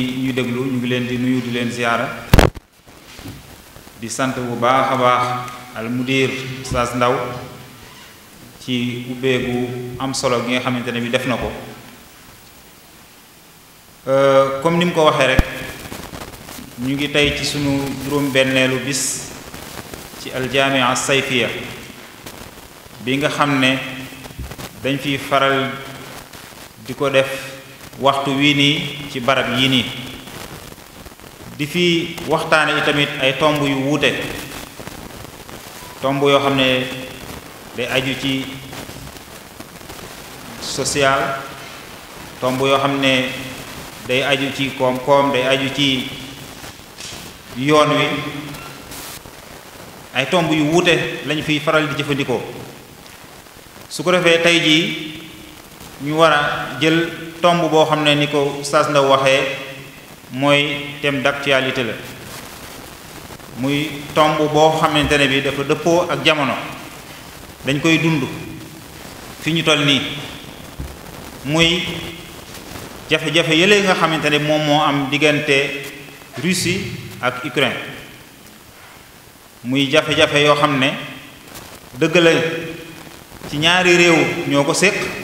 ñu déglu ñu ngi leen di nuyu di leen ziyaara di sant bu baax a al mudir Oustaz Ndaw ci ubbeegu am solo gi nga xamante ne bi def na ko euh, comme ni ko waxee rek ñu ngi tey ci sunu juróom-benneelu bis ci aljaamia sayfiya bi nga xam ne dañ fiy faral di ko def waxtu wii nii ci barab yii nii di fi waxtaane tamit ay tomb yu wuute tomb yoo xam ne day aju ci social tomb yoo xam ne day aju ci koom-koom day aju ci yoon wi ay tomb yu wuute lañ fiy faral di jëfandikoo su ko defee tey jii ñu war a jël tomb boo xam ne ni ko sas Ndaw waxee mooy thème d'actualité la muy tomb boo xamante ne bi dafa dëppoo ak jamono dañ koy dund fi ñu toll nii muy jafe-jafe yële nga xamante ne moom moo am diggante Russie ak Ukraine muy jafe-jafe yoo xam ne dëgg la ci ñaari réew ñoo ko séq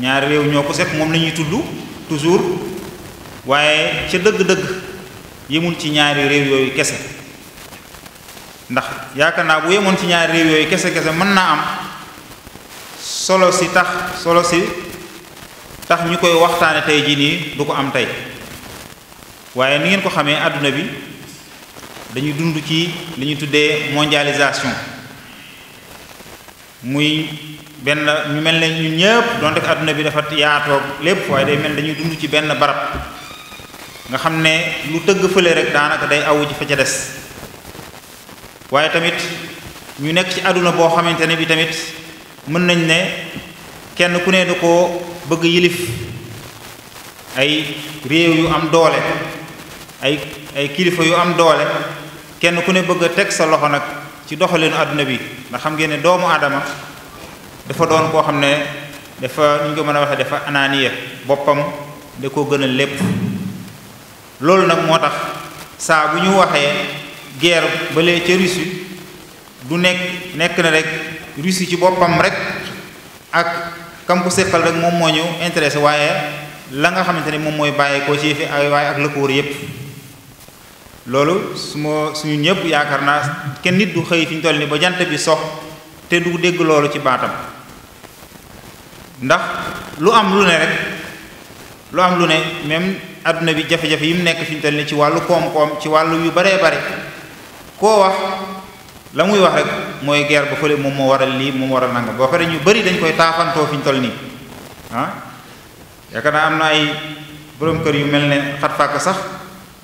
ñaari réew ñoo ko seq moom la ñuy tudd toujours waaye ca dëgg-dëgg yemul ci ñaari réew yooyu kese ndax yaakaar naa bu yemoon ci ñaari réew yooyu kese kese mën naa am solo si tax solo si tax ñu koy waxtaane tey jii nii du ko am tey waaye ni ngeen ko xamee àdduna bi dañuy dund ci li ñu tuddee mondialisation muy benn ñu mel na ñun ñëpp donte ko àdduna bi dafa yaatoog lépp waaye day mel dañuy dund ci benn barab nga xam ne lu tëgg fële rek daanaka day awu ci fa ca des waaye tamit ñu nekk ci àdduna boo xamante ne bi tamit mën nañ ne kenn ku ne da koo bëgg yilif ay réew yu am doole ay ay kilifa yu am doole kenn ku ne bëgg a teg sa loxo nag ci doxalinu àdduna bi ndax xam ngeen doomu aadama dafa doon koo xam ne dafa ñu ko mën a waxee dafa anaaniya boppam da koo gën a lépp loolu nag moo tax saa bu ñu waxee guerre balee ca Russie du nekk nekk na rek russ Russie ci boppam rek ak kam ko séqal rek moom moo ñu intéressé waaye la nga xamante ne moom mooy bàyyi koo ci fi ay waaye ak la ko wër yépp loolu su ma suñu ñëpp yaakaar naa kenn nit du xëy fi ñu toll ni ba jant bi sox te du dégg loolu ci baatam ndax lu am lu ne rek lu am lu ne même àdduna bi jafe-jafe yi mu nekk fi ñu toll ci wàllu koom-koom ci wàllu yu baree bare koo wax la muy wax rek mooy guerre ba fële moom moo waral lii moom waral nangam boo pare ñu bari dañ koy taafantoo fi ñu toll nii ah yaakaar naa am na ay borom kër yu mel ne xat fàkk sax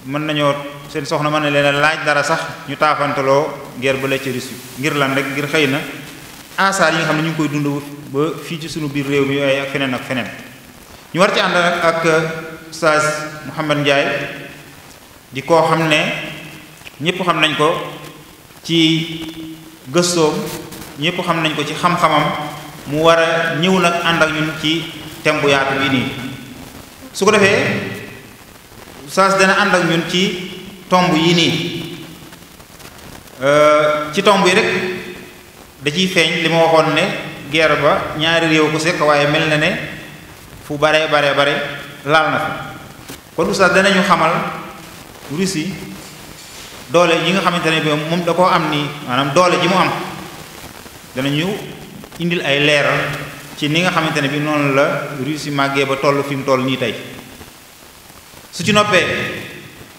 mën nañoo seen soxna mën na leen laaj dara sax ñu taafantaloo guerre ba la ci Russie ngir lan rek ngir xëy na asaar yi nga xam ne ñu koy dund ba fii ci sunu biir réew mi waaye ak feneen ak feneen ñu war ci ànd nag ak euh, Oustaz Mouhamed njaay di koo xam ne ñëpp xam nañ ko ci gëstoom ñëpp xam nañ ko ci xam-xamam mu war a ñëw nag ànd ak ñun ci thème bu yaatu bii nii su ko defee Oustaz dana ànd ak ñun ci tomb yi nii euh, ci tomb yi rek da ciy feeñ li ma waxoon ne guerre ba ñaari réew ko sekk waaye mel na ne fu bare bare bare laal na fa kon oustaz danañu xamal Russie doole yi nga xamante ne bi moom da koo am ni maanaam doole ji mu am dana ñu indil ay leeral ci ni nga xamante ne bi noonu la Russie màggee ba toll fi mu toll nii tey su ci noppee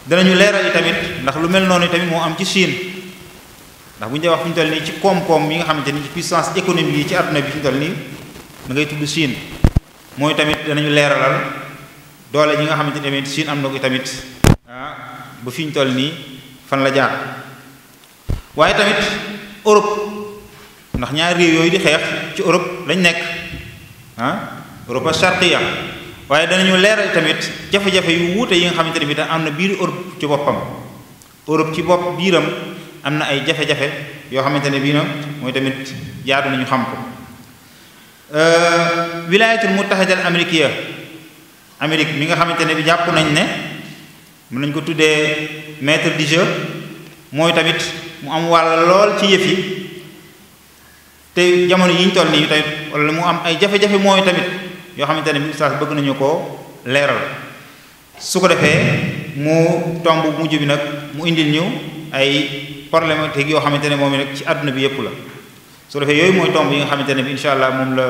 danañu leeral yi tamit ndax lu mel noonu moo am ci Chine ndax bu ñu dee wax fi ñu toll nii ci koom-koom yi nga xamante ni ci puissance économique yi ci àdduna bi fi ñu nii da ngay tudd siin mooy tamit danañu leeralal doole ñi nga xamante ni tamit Chine am na ko tamit ah ba fi ñu toll nii fan la jaar waaye tamit Europe ndax ñaari réew yooyu di xeex ci Europe lañ nekk ah Europe charqiya waaye danañu leeral tamit jafe-jafe yu wuute yi nga xamante ne bi da am na biir Europe ci boppam Europe ci bopp biiram am na ay jafe-jafe yoo xamante ne bii noonu mooy tamit jaadu nañu xam ko euh, wilaayatul muttahida al ya Amérique mi nga xamante ne bi jàpp nañ ne mën nañ ko tuddee metre du jeu mooy tamit mu am wàll lool ci yëf yi te jamono yi ñu nii tamit wala mu am ay jafe-jafe mooy tamit yoo xamante ne bi ustaas bëgg nañu ko leeral su ko defee mu tomb mujj bi nag mu indil ñu ay problématique yoo xamante ne moom rek ci àdduna bi yëpp la su defee yooyu mooy tomb yi nga xamante ne bi incha allah moom la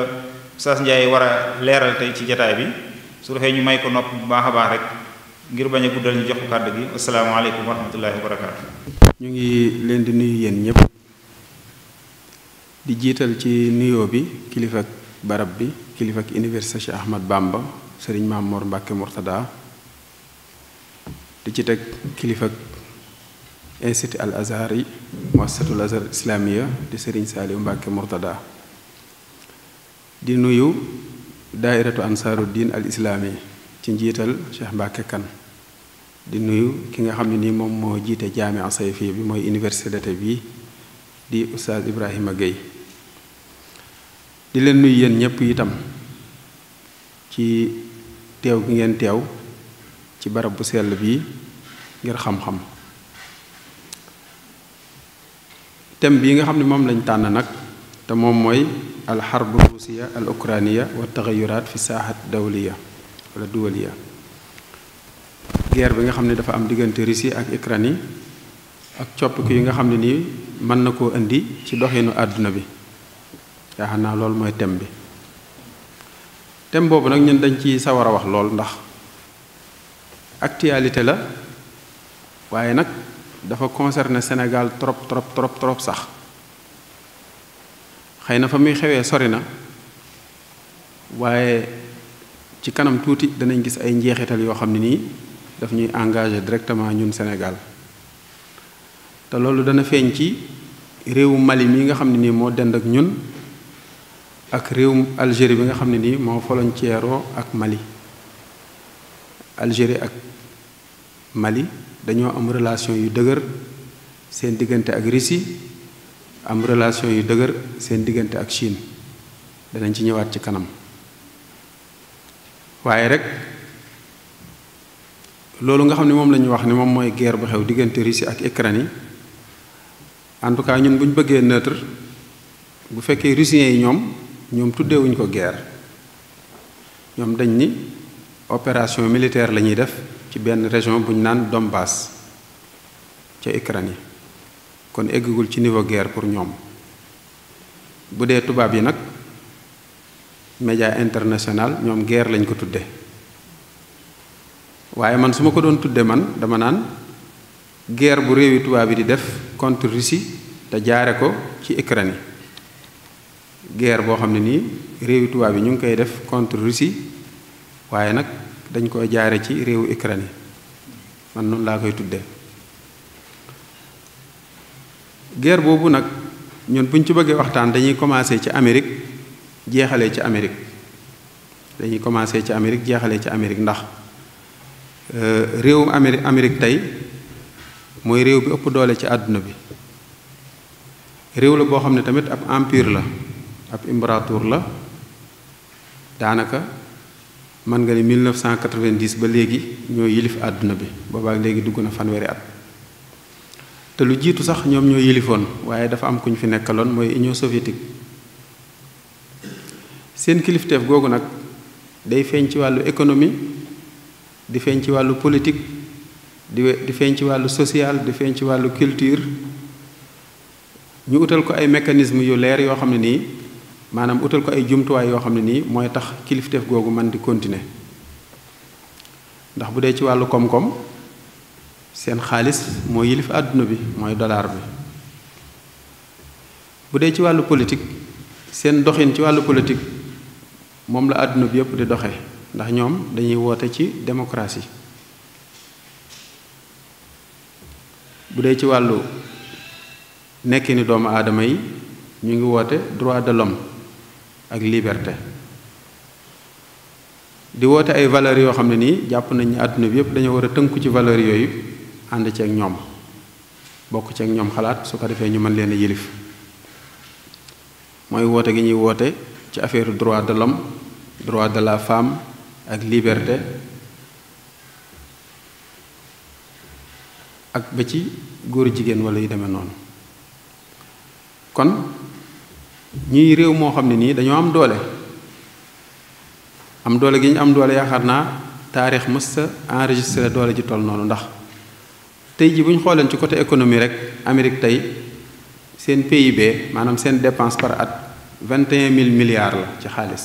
Oustaz Ndiaye war a leeral tey ci jataay bi su defee ñu may ko nopp bu baax a baax rek ngir bañ a guddal ñu jox ko kàddu gi asalaamaaleykum wa rahmatullahi wa barakaatu. ñu ngi leen di nuyu yéen ñëpp di jiital ci nuyoo bi kilifa barab bi kilifa ak université Cheikh Ahmad Bamba sëriñ Maam Mor Mbàkke Murtada di ci teg kilifa institut al azhar yi muassasatul azhar islamiya di sëriñ saaliw mbàkke murtada di nuyu daairatu ansaaru diin al islaami ci njiital cheikh mbàkke kan di nuyu ki nga xam ne ni moom moo jiite jaamia sayfi bi mooy université bi di oustaz ibrahima gueye di leen nuyu yéen ñépp itam ci teew gi ngeen teew ci barab bu sell bii ngir xam-xam thème bii nga xam ne moom lañ tànn nag te moom mooy alxarbu ruusiya al ukraniya wa taxayuraat fi saaxat dawliya wala duwaliya guerre bi nga xam ne dafa am diggante Russie ak Ukraine ak coppiku yi nga xam ne nii mën na koo indi ci doxinu àdduna bi yaakaar naa loolu mooy thème bi thème boobu nag ñun dañ ci sawar a wax lool ndax actualité la waaye nag dafa concerné Sénégal trop trop trop trop sax xëy na fa muy xewee sori na waaye ci kanam tuuti danañ gis ay njeexital yoo xam ne nii daf ñuy engagé directement ñun Sénégal te loolu dana feeñ ci réewu Mali mii nga xam ne nii moo dend ak ñun ak réewum Algérie bi nga xam ne nii moo frontière ak Mali Algérie ak Mali dañoo am relation yu dëgër seen diggante ak Russie am relation yu dëgër seen diggante ak Chine danañ ci ñëwaat ci kanam waaye rek loolu nga xam ne moom la ñu wax ni moom mooy guerre bu xew diggante Russie ak Ukraine yi en tout cas ñun bu bëggee neutre bu fekkee Russiens yi ñoom ñoom tuddeewuñ ko guerre ñoom dañ ni opération militaire la ñuy def ci benn région bu ñu naan Donbass ca Ukraine kon eggagul ci niveau guerre pour ñoom bu dee tubaab yi nag média international ñoom guerre lañ ko tudde waaye man su ma ko doon tudde man dama naan guerre bu réewi tubaab yi di def contre Russie te jaare ko ci Ukraine guerre boo xam ne nii réewi tubaab yi ñu ngi koy def contre Russie waaye nag dañ koy jaare ci réewu Ukraine man noonu laa koy tuddee guerre boobu nag ñun buñ ci bëggee waxtaan dañuy commencé ci Amérique jeexalee ci Amérique dañuy commencé ci Amérique jeexalee ci Amérique ndax euh, réewu Amérique Amérique tey mooy réew bi ëpp doole ci àdduna bi réew la boo xam ne tamit ab empire la ab imbratur la daanaka mën nga ne 1990 ba léegi ñoo yilif àdduna bi boobaak léegi dugg na fanweeri at te lu jiitu sax ñoom ñoo yilifoon waaye dafa am ku ñu fi nekkaloon mooy Union soviétique seen kilifteef googu nag day feeñ ci wàllu économie di feeñ ci wàllu politique di di feeñ ci wàllu social di feeñ ci wàllu culture ñu utal ko ay mécanismes yu leer yoo xam ne nii maanaam utal ko ay jumtuwaay yoo xam ne nii mooy tax kilifteef googu man di continuer ndax bu dee ci wàllu koom-koom seen xaalis moo yilif àdduna bi mooy dollar bi bu dee ci wàllu politique seen doxin ci wàllu politique moom la àdduna bi yëpp di doxe ndax ñoom dañuy woote ci démocratie bu dee ci wàllu ni doomu aadama yi ñu ngi woote droit de l'homme ak liberté di woote ay valeurs yoo xam ne nii jàpp nañ ne àdduna bi yëpp dañoo war a tënku ci valeurs yooyu ànd ceeg ñoom bokk ceeg ñoom xalaat su ko defee ñu mën leen a mooy woote gi ñuy woote ci affaire droit de l'homme droit de la femme ak liberté ak ba ci góor jigéen wala yu demee noonu kon ñuy réew moo xam ne nii dañoo am doole am doole gi ñu am doole yaakaar naa taarix mës a enregistré doole ji toll noonu ndax tey ji bu ñu xooleen ci côté économie rek Amérique tey seen PIB maanaam seen dépense par at vingt et mille milliards la ci xaalis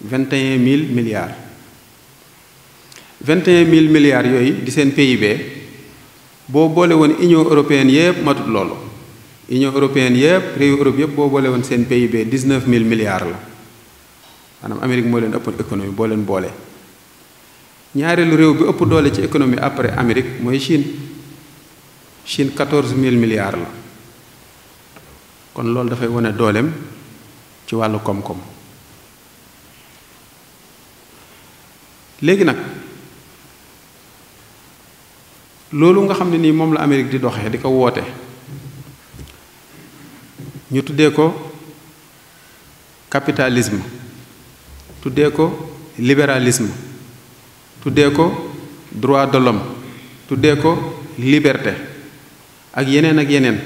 vingt et mille milliards vingt et mille milliards yooyu di seen PIB boo boole woon Union européenne yépp matut loolu union européenne yëpp réew Europe yëpp boo boole woon seen PIB dix-neuf mille milliards la maanaam Amérique mooy leen ëppoon économie boo leen boole. ñaareelu réew bi ëpp doole ci économie après Amérique mooy Chine Chine quatorze mille milliards la kon loolu dafay wane dooleem ci wàllu koom-koom léegi nag loolu nga xam ne nii moom la Amérique di doxee di ko woote. ñu tuddee ko capitalisme tuddee ko libéralisme tuddee ko droit de l'homme tuddee ko liberté ak yeneen ak yeneen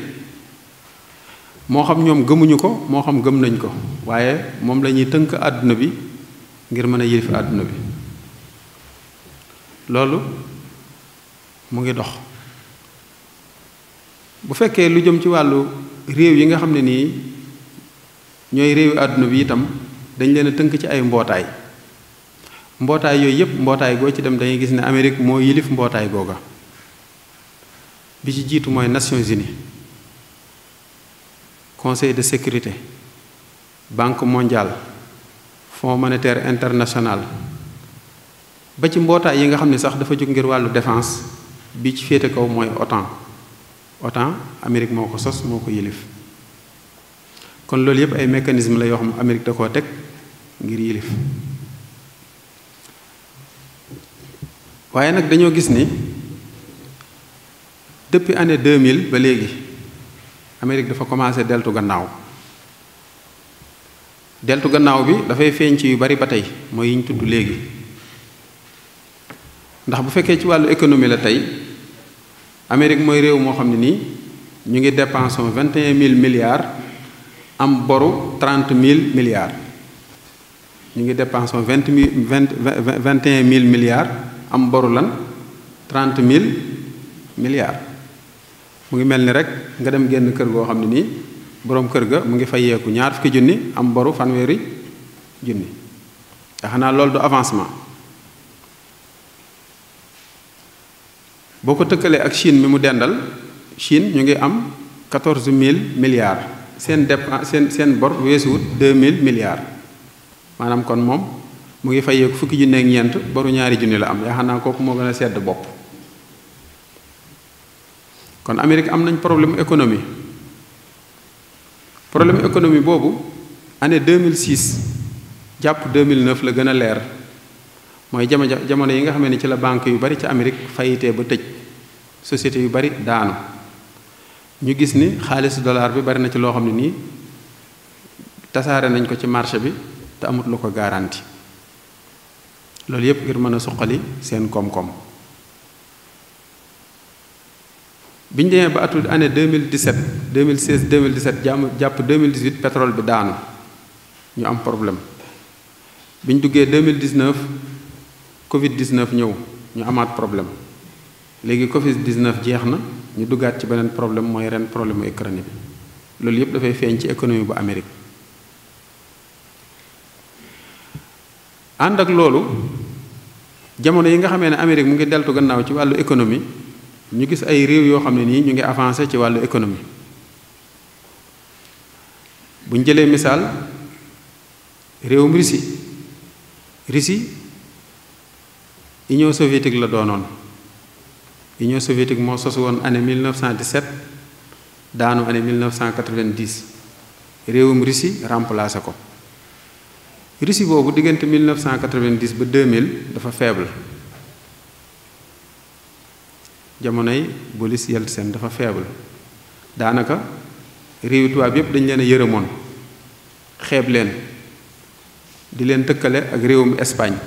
moo xam ñoom gëmuñu ko moo xam gëm nañ ko waaye moom lañuy tënk àdduna bi ngir mën a yilif àdduna bi loolu mu ngi dox bu fekkee lu jëm ci wàllu réew yi nga xam ne nii ñooy réewi àdduna bi itam dañ leen a tënk ci ay mbootaay mbootaay yooyu yëpp mbootaay goo ci dem dañuy gis ne Amérique moo yilif mbootaay googa bi ci jiitu mooy Nations Unies Conseil de sécurité Banque mondiale Fonds monétaire international ba ci mbootaay yi nga xam ne sax dafa jóg ngir wàllu défense bi ci féete kaw mooy OTAN OTAN Amérique moo ko sos moo ko yilif kon loolu yëpp ay mécanisme la yoo xam Amérique da koo teg ngir yilif waaye nag dañoo gis ni depuis année 2000 ba léegi Amérique dafa commencé deltu gannaaw deltu gannaaw bi dafay feeñ ci yu bari ba tey mooy yi ñu tudd léegi ndax bu fekkee ci wàllu économie la tey Amérique mooy réew moo xam ne nii ñu ngi dépensé vingt et mille milliards am boru trente mille milliards ñu ngi dépensé vingt mille vingt vingt et mille milliards am boru lan trente mille milliards mu ngi mel ni rek nga dem génn kër goo xam ne nii boroom kër ga mu ngi fay yeeku ñaar fukki junni am boru fanweeri junni te xanaa loolu du avancement. boo ko tëkkalee ak Chine mi mu dendal Chine ñu ngi am quatorze mille milliards seen dépense seen seen bor weesuwut deux mille milliards maanaam kon moom mu ngi fayeeku fukki junne ak ñeent boru ñaari junni la am yaa xam naa kooku moo gën a sedd bopp kon Amérique am nañ problème économie problème économie boobu année 2006 jàpp 2009 la gën a leer mooy jamono jamono yi nga xam ne ci la banque yu bari ci Amérique fayitee ba tëj société yu bari daanu ñu gis ni xaalisu dollar bi bari na ci loo xam ne nii tasaare nañ ko ci marché bi te amut lu ko garanti loolu yépp ngir mën a suqali seen koom-koom bi ñu demee ba atul année 2017 2016 2017 jàmm jàpp 2018 pétrole bi daanu ñu am problème bi ñu duggee 2019 Covid 19 ñëw ñu amaat problème léegi Covid 19 jeex na ñu duggaat ci beneen problème mooy ren problème mu bi loolu yëpp dafay feeñ ci économie bu Amérique ànd ak loolu jamono yi nga xame ne Amérique mu ngi deltu gannaaw ci wàllu économie ñu gis ay réew yoo xam ne nii ñu ngi avancé ci wàllu économie bu ñu jëlee misaal réewum Russie Russie union soviétique la doonoon union soviétique moo sos woon année 1917 daanu année 1990 réewum Russie remplacé ko Russie boobu diggante 1990 ba 2000 dafa faible jamonoy Boris Yeltsin dafa faible daanaka réewi tubaab yépp dañ leen a yërëmoon xeeb leen di leen tëkkale ak réewum Espagne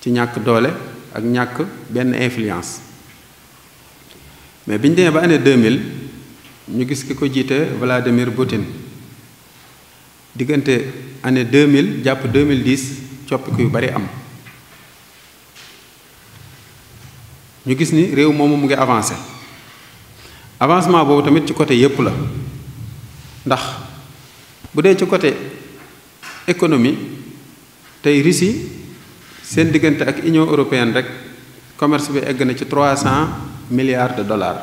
ci ñàkk doole ak ñàkk benn influence mais biñ demee ba année 2000 ñu gis ki ko jiite Vladimir Poutine diggante année 2000 jàpp 2010 coppiku yu bari am ñu gis ni réew moomu mu ngi avancé avancement boobu tamit ci côté yépp la ndax bu dee ci côté économie tey Russie seen diggante ak union européenne rek commerce bi egg na ci trois cent milliards de dollars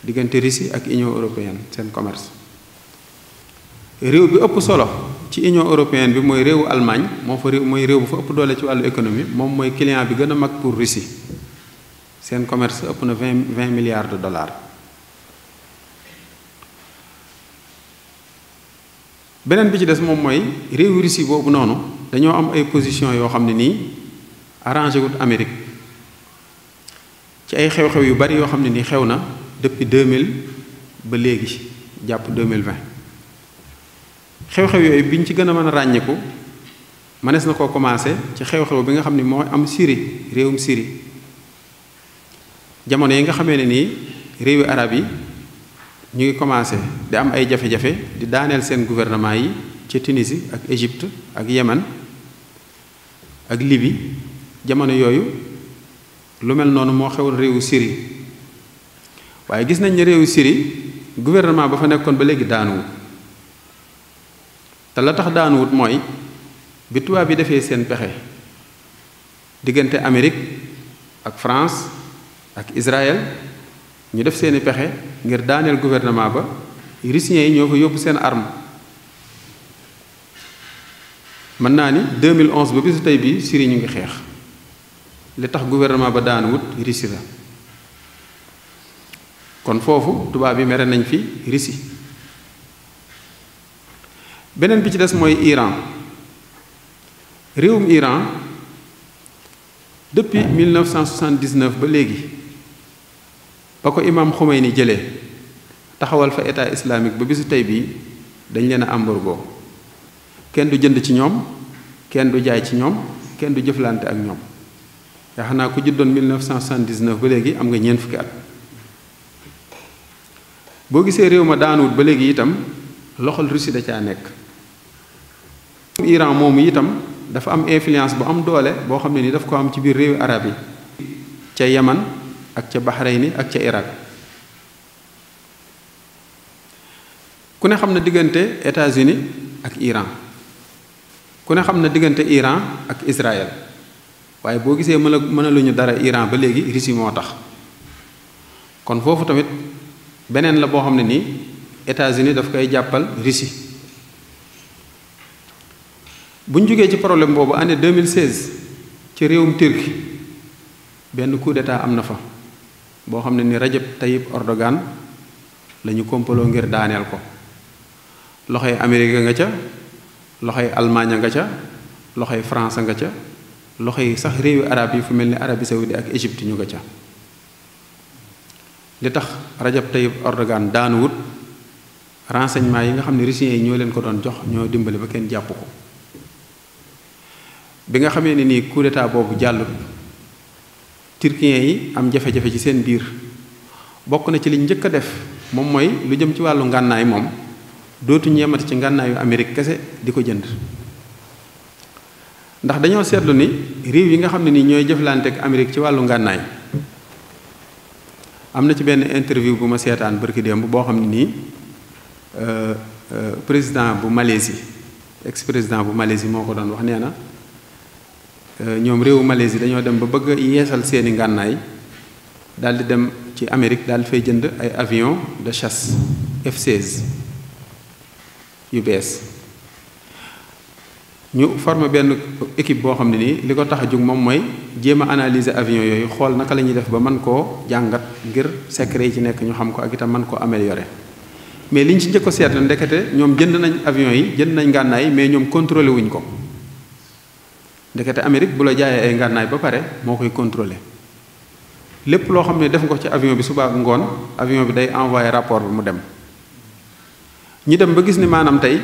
diggante Russie ak union européenne seen commerce réew bi ëpp solo ci union européenne bi mooy réewu Allemagne moo fa réew mooy réew bu fa ëpp doole ci wàllu économie moom mooy client bi gën a mag pour Russie seen commerce ëpp na vingt vingt milliards de dollars beneen bi ci des moom mooy réewu Russie boobu noonu. dañoo am ay position yoo xam ne nii arrangé wut Amérique ci ay xew-xew yu bari yoo xam ne nii xew na depuis 2000 ba léegi jàpp 2020 xew-xew yooyu biñ ci gën a mën a ràññeeku mënees na koo commencé ci xew-xew bi nga xam ne moo am siri réewum siri jamono yi nga xamee ne nii réewi arab yi ñu ngi commencé di am ay jafe-jafe di daaneel seen gouvernement yi ca Tunisie ak Égypte ak Yémen ak Libye jamono yooyu lu mel noonu moo xewoon réewu Syrie waaye gis nañ ne réewu Syrie gouvernement ba fa nekkoon ba léegi daanuwut te la tax daanuwut mooy bi tubaab yi defee seen pexe diggante Amérique ak France ak Israël ñu def seeni pexe ngir daaneel gouvernement ba russiens yi ñoo ko yóbbu seen arme mën naa ni 2011 ba bisu tey bii Syrie ñu ngi xeex li tax gouvernement ba daan wut Russie la kon foofu tubaab yi mere nañ fi Russie beneen bi ci des mooy Iran réewum Iran depuis 1979 ba léegi ba ko imaam Khomeini jëlee taxawal fa état islamique ba bisu tey bii dañ leen a embargo kenn du jënd ci ñoom kenn du jaay ci ñoom kenn du jëflante ak ñoom yaakaar naa ku juddoon 1979 ba léegi am nga ñeent fukki at boo gisee réew ma daanuwut ba léegi itam loxol Russie da caa nekk Iran moomu itam dafa am influence bu am doole boo xam ne ni daf ko am ci biir réewi arab yi ca Yaman ak ca Bahreïn ak ca Irak ku ne xam na diggante États-Unis ak Iran ku ne xam na diggante Iran ak Israël waaye boo gisee mën a mën ñu dara Iran ba léegi Russie moo tax kon foofu tamit beneen la boo xam ne nii états uni daf koy jàppal Russie bu ñu jógee ci problème boobu année 2016 ci réewum turki benn coup am na fa boo xam ne ni Rajab Tayyip ordogan lañu ñu kompaloo ngir daaneel ko loxoy Amérique nga ca loxo loxoy Allemagne nga ca loxo yi France nga ca loxo yi sax réewi arab yi fu mel ni Arabie Saoudi ak Égypte ñu nga ca li tax Rajab Tayyip Erdogan daanuwut renseignement yi nga xam ne russiens yi ñoo leen ko doon jox ñoo dimbali ba kenn jàpp ko bi nga xamee ne nii coup boobu jàll turkiyen yi am jafe-jafe ci seen biir bokk na ci li njëkk a def moom mooy lu jëm ci wàllu ngànnaay moom dootu yemati ci ngànnaayu Amérique kese di ko jënd ndax dañoo seetlu ni réew yi nga xam ne nii ñooy jëflanteek ak Amérique ci wàllu ngànnaay am na ci benn interview bu ma seetaan barki démb boo xam ne nii euh, euh, président bu Malaisie ex président bu Malaisie moo ko doon wax nee na euh, ñoom réewu Malaisie dañoo dem ba bëgg yeesal seeni ngànnaay daal di dem ci Amérique daal di fay jënd ay avion de chasse f yu bees ñu former benn équipe boo xam ne nii li ko tax a jóg moom mooy jéem a analyser avion yooyu xool naka la ñuy def ba mën koo jàngat ngir secret yi ci nekk ñu xam ko ak itam mën koo améliorer mais liñ ci njëkk a seetlu ndekete ñoom jënd nañ avion yi jënd nañ ngànnaay mais ñoom contrôlé wuñ ko ndekete Amérique bu la jaayee ay ngànnaay ba pare moo koy contrôlé lépp loo xam ne def nga ko ci avion bi suba ngoon avion bi day envoyé rapport bi mu dem. ñi dem ba gis ni maanaam tey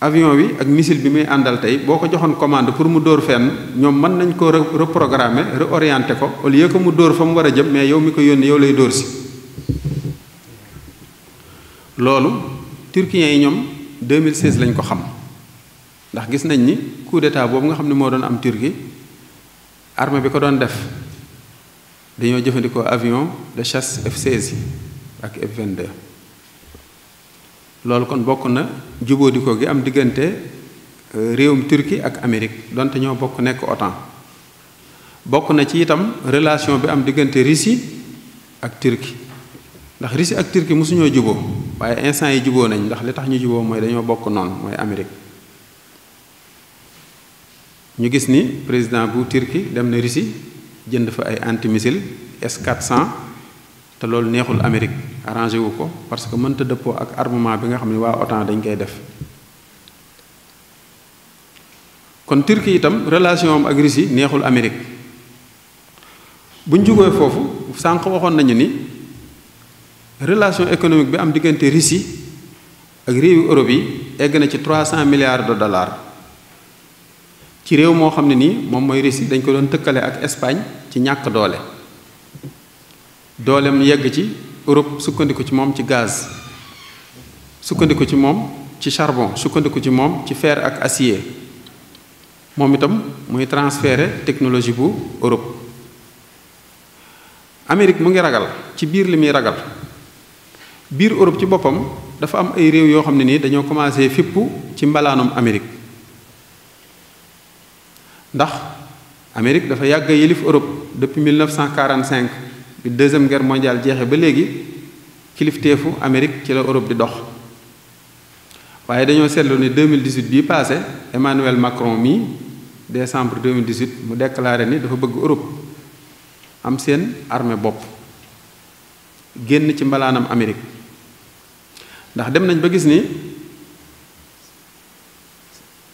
avion bi ak missile bi muy àndal tey boo ko joxoon commande pour mu dóor fenn ñoom mën nañ koo reprogrammer réorienter ko au lieu que mu dóor fa mu war a jëm mais yow mi ko yónni yow lay dóor si loolu turkiyen yi ñoom 2016 lañ ko xam ndax gis nañ ni coup d'état boobu nga xam ne moo doon am Turquie armée bi ko doon def dañoo jëfandikoo avion de chasse F-16 ak F-22 loolu kon bokk na jubóodikoo gi am diggante euh, réewum Turquie ak Amérique donte ñoo bokk nekk OTAN bokk na ci itam relation bi am diggante Russie ak Turquie ndax Russie ak Turquie mosuñoo juboo waaye instant yi juboo nañ ndax li tax ñu juboo mooy dañoo bokk noonu mooy Amérique ñu gis ni président bu Turquie dem na Russie jënd fa ay antimissile S 400 te loolu neexul Amérique arrangé wu ko parce que mënta dëppoo ak armement bi nga xam ni waa OTAN dañ koy def kon Turquie itam relation am ak Russie neexul amerique buñ jógee foofu sànq waxoon nañu ni relation économique bi am diggante Russie ak réewu Europe yi egg na ci trois cent milliards de dollars ci réew moo xam ne nii moom mooy Russie dañ ko doon tëkkale ak Espagne ci ñàkk doole doolem yegg ci Europe sukkandiku ci moom ci gaz sukkandiku ci moom ci charbon sukkandiku ci moom ci fer ak acier moom itam muy transférer technologie bu Europe Amérique mu ngi ragal ci biir li muy ragal biir Europe ci boppam dafa am ay réew yoo xam ne nii dañoo commencé fippu ci mbalaanum Amérique ndax Amérique dafa yàgg yilif Europe depuis 1945 bi deuxième guerre mondiale jeexee ba léegi kilifteefu Amérique ci la Europe di dox waaye dañoo seetlu ne 2018 bii passé Emmanuel Macron mii décembre 2018 mu déclaré ni dafa bëgg Europe am seen armée bopp génn ci mbalaanam Amérique ndax dem nañ ba gis ni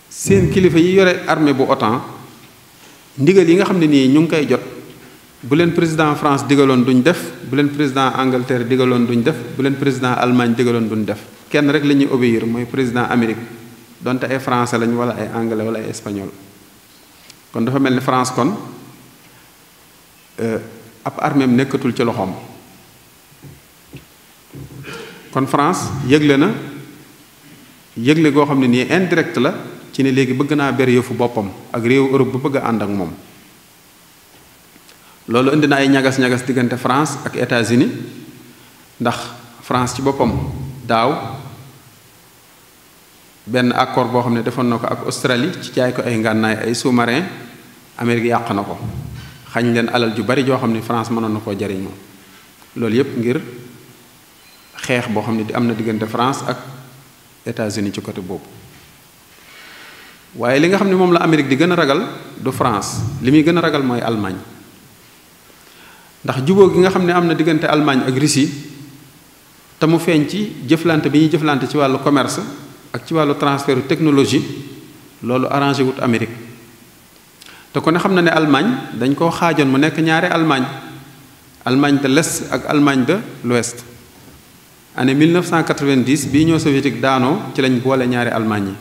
seen kilifa yi yore armée bu OTAN ndigal yi nga xam ne nii ñu ngi koy jot bu leen président France digaloon duñu def bu leen président Angleterre digaloon duñu def bu leen président Allemagne digaloon duñu def kenn rek la ñuy mooy président Amérique donte ay français lañ wala ay anglais wala ay espagnol kon dafa mel ni France kon euh, ab arméem nekkatul ci loxoom kon France yëgle na yëgle goo xam ne nii indirect la ci ne léegi bëgg naa ber yëfu boppam ak réewu Europe bu bëgg a ànd ak moom loolu indi na ay ñagas-ñagas diggante France ak États-Unis ndax France ci boppam daaw benn accord boo xam ne defoon na ko ak Australie ci jaay ko ay ngànnaay ay sous-marin yàq na ko xañ leen alal ju bari joo xam ne France mënoon na koo jariñoo loolu yépp ngir xeex boo xam ne di am na diggante France ak États-Unis ci côté boobu waaye li nga xam ne moom la Amérique di gën a ragal du France li muy gën a ragal mooy Allemagne ndax jubóo gi nga xam ne am na diggante Allemagne ak Russie te mu feeñ ci jëflante bi ñuy jëflante ci wàllu commerce ak ci wàllu transfert technologie loolu arrangé wut Amérique te ko ne xam na ne Allemagne dañ koo xaajoon mu nekk ñaari Allemagne Allemagne de l'Est ak Allemagne de l'Ouest année 1990 bi Union soviétique daanoo ci lañ boole ñaari Allemagne yi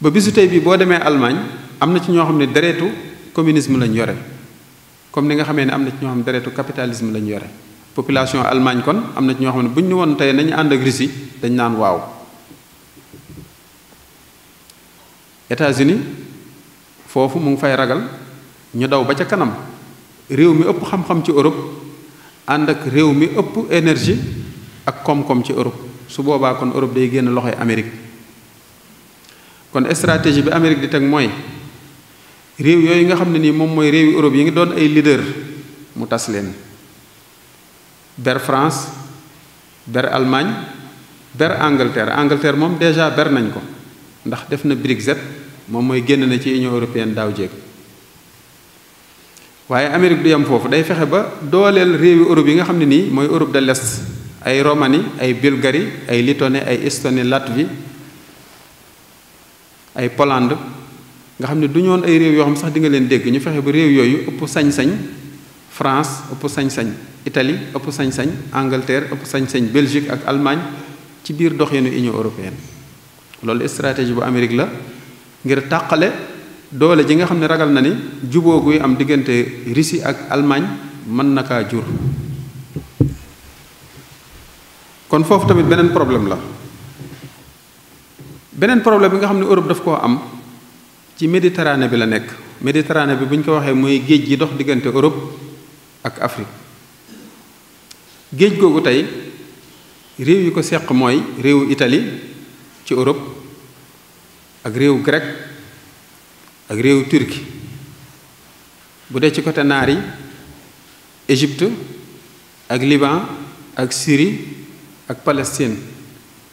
ba bisu tey bi boo demee Allemagne am na ci ñoo xam ne deretu communisme lañ yore comme ni nga xamee ne am na ci ñoo xam ne deretu capitalisme la ñu yore population Allemagne kon am na ci ñoo xam ne bu ñu ni woon tey nañu ànd ak Russie dañ naan waaw États-Unis foofu mu ngi fay ragal ñu daw ba ca kanam réew mi ëpp xam-xam ci Europe ànd ak réew mi ëpp énergie ak koom-koom ci Europe su boobaa kon Europe day génn loxoy Amérique kon stratégie bi Amérique di teg mooy réew yooyu nga xam ne nii moom mooy réewi Europe yi ngi doon ay leader mu tas leen ber France ber Allemagne ber Angleterre Angleterre moom déjà ber nañ ko ndax def na Brexit moom mooy génn na ci Union européenne daaw jeeg waaye Amérique du yam foofu day fexe ba dooleel réewi Europe yi nga xam ne nii mooy Europe de l'Est ay Roumanie ay Bulgarie ay Lituanie ay Estonie Latvie ay poland nga xam ne du ñoon ay réew yoo xam sax di nga leen dégg ñu fexe ba réew yooyu ëpp sañ-sañ France ëpp sañ-sañ itali ëpp sañ-sañ Angleterre ëpp sañ-sañ Belgique ak Allemagne ci biir doxinu Union européenne loolu stratégie bu Amérique la ngir tàqale doole ji nga xam ne ragal na ni juboo guy am diggante Russie ak Allemagne mën na kaa jur kon foofu tamit beneen problème la beneen problème bi nga xam ne Europe daf koo am ci Méditerranée bi la nekk Méditerranée bi bu ñu ko waxee mooy géej gi dox diggante Europe ak Afrique géej googu tey réew yi ko seq mooy réewu itali ci Europe ak réewu grec ak réewu turki bu dee ci côté naar yi ak Liban ak Syrie ak Palestine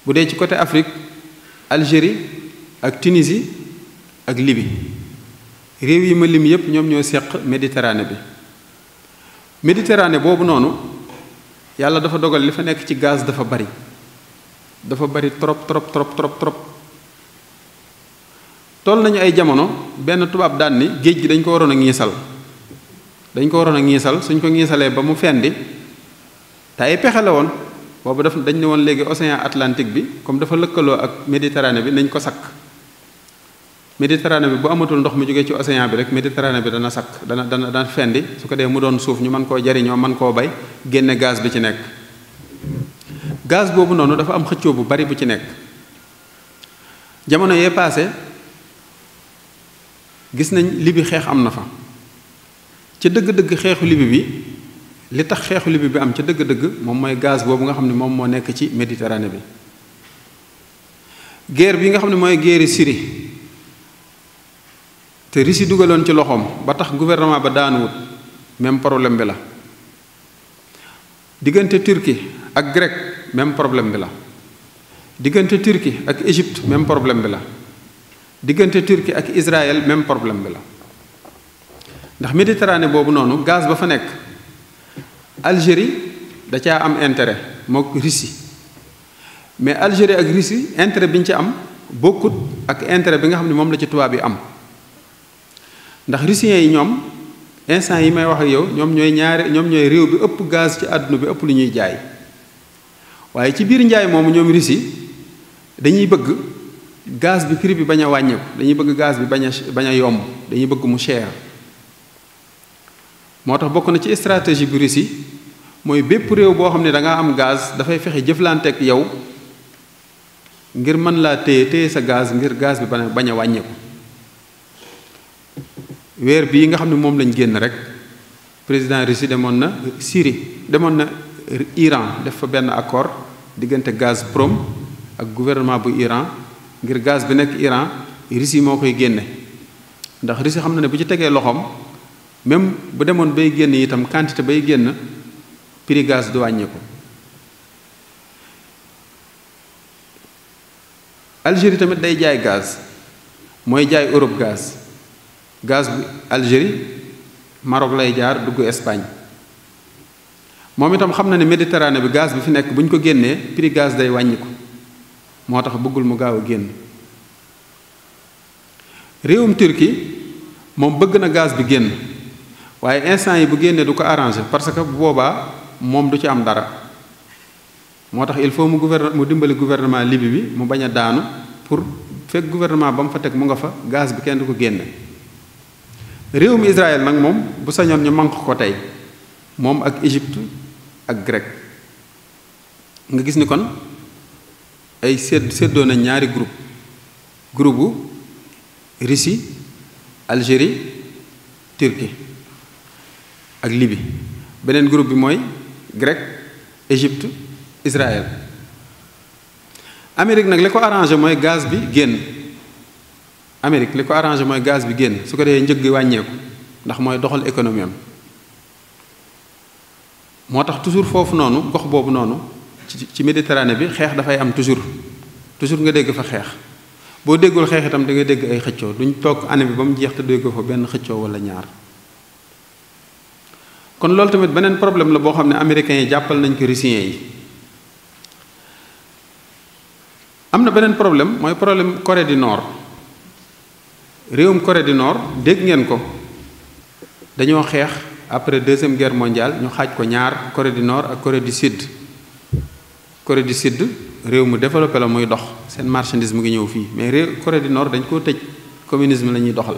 bu dee ci côté Afrique Algérie ak Tunisie ak Libye réew yi ma lim yépp ñoom ñoo seq Méditerranée bi Méditerranée boobu noonu yàlla dafa dogal li fa nekk ci gaz dafa bari dafa bari trop trop trop tool trop nañu ay jamono benn tubaab daan ni géej gi dañ ko waroon a ngiisal dañ ko waroon a ngiisal suñ ko ngiisalee ba mu fendi te ay pexe woon boobu daf dañ ne woon léegi océan Atlantique bi comme dafa lëkkaloo ak Méditerranée bi nañ ko sakk méditerranée bi bu amatul ndox mu jógee ci océan bi rek méditerranée bi dana sakk dana dana dana fendi su ko dee mu doon suuf ñu man koo jariñoo man koo bay génne gaz bi ci nekk gaz boobu noonu dafa am xëccoo bu bari bu ci nekk jamono yee paase gis nañ libi xeex am na fa ci dëgg-dëgg xeexu libi bi li tax xeexu libi bi am ca dëgg-dëgg moom mooy gaz boobu nga xam ne moom moo nekk ci méditerranée bi guerre bi nga xam ne mooy guerre siri te risi dugaloon ci loxoom ba tax gouvernement ba daanuwut même problème bi la diggante turki ak grec même problème bi la diggante Turquie ak Égypte même problème bi la diggante Turquie ak Israël même problème bi la ndax Méditerranée boobu noonu gaz ba fa nekk Algérie da caa am intérêt mook Russie mais Algérie ak Russie intérêt bi ñu ci am bokkut ak intérêt bi nga xam ne moom la ci tubaab yi am ndax russiens yi ñoom instant yi may wax ak yow ñoom ñooy ñaari ñoom ñooy réew bi ëpp gaz ci àdduna bi ëpp lu ñuy jaay waaye ci biir njaay moomu ñoom Russie dañuy bëgg gaz bi prix bi bañ a wàññeeku dañuy bëgg gaz bi bañ bañ a yomb dañuy bëgg mu cher moo tax bokk na ci stratégie bu Russie mooy bépp réew boo xam ne da ngaa am gaz dafay fexe jëflanteek yow ngir mën laa téye téye sa gaz ngir gaz bi bañ bañ a wàññeeku weer bii nga xam ne moom lañ génn rek président Russie demoon na siri demoon na Iran def fa benn accord diggante gaz prome ak gouvernement bu Iran ngir gaz bi nekk Iran Russie moo koy génne ndax Russie xam na ne bu ci tegee loxoom même bu demoon bay génn itam quantité bay génn prix gaz du wàññi ko Algérie tamit day jaay gaz mooy jaay Europe gaz gaz bi Algérie Maroc lay jaar dugg Espagne moom itam xam na ne Méditerranée bi gaz bi fi nekk bu ñu ko génnee prix gaz day wàññiku moo tax bëggul mu gaaw a génn réewum Turquie moom bëgg na gaz bi génn waaye instant yi bu génnee du ko arrangé parce que bu boobaa moom du ci am dara moo tax il faut mu gouvernement mu dimbali gouvernement libi bi mu bañ a daanu pour fekk gouvernement ba mu fa teg mu nga fa gaz bi kenn du ko génne réew mi Israël nag moom bu sañoon ñu manq ko tey moom ak Égypte ak grec nga gis ni kon ay sédd séddoo ñaari group groupe bu Russie Algérie Turquie ak libi beneen group bi mooy grec Égypte Israël Amérique nag li ko arrangé mooy gaz bi génn Amérique li ko arrangé mooy gaz bi génn su ko dee njëg gi wàññeeku ndax mooy doxal économie moo tax toujours foofu noonu gox boobu noonu ci ci Méditerranée bi xeex dafay am toujours toujours nga dégg fa xeex boo déggul xeex itam da nga dégg ay xëccoo duñ toog année bi ba mu jeex te déggoo fa benn xëccoo wala ñaar kon loolu tamit beneen problème la boo xam ne américains yi jàppal nañ ko russiens yi am na beneen problème mooy problème Corée du Nord réewum Corée du Nord dégg ngeen ko dañoo xeex après deuxième guerre mondiale ñu xaaj ko ñaar Corée du Nord ak Corée du Sud coré du Sud réew mu développé la muy dox seen marchandise mu ngi ñëw fii mais réew Corée du Nord dañ koo tëj communisme la ñuy doxal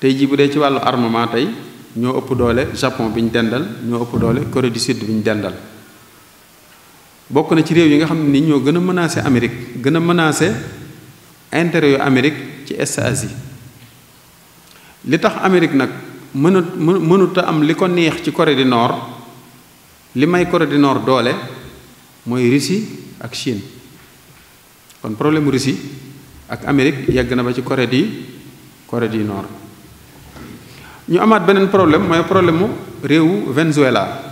tey jii bu dee ci wàllu armement tey ñoo ëpp doole Japon bi ñu dendal ñoo ëpp doole coré du Sud bi ñu dendal bokk na ci réew yi nga xam ne ni ñoo gën a menacé Amérique gën a menacé intérêt yu Amérique ci est Asie li tax Amérique nag mënut mënut am li ko neex ci Corée du Nord li may Corée du Nord doole mooy Russie ak Chine kon problème Russie ak Amérique yegg na ba ci Corée di Corée du Nord ñu amaat beneen problème mooy problème mu réewu Venezuela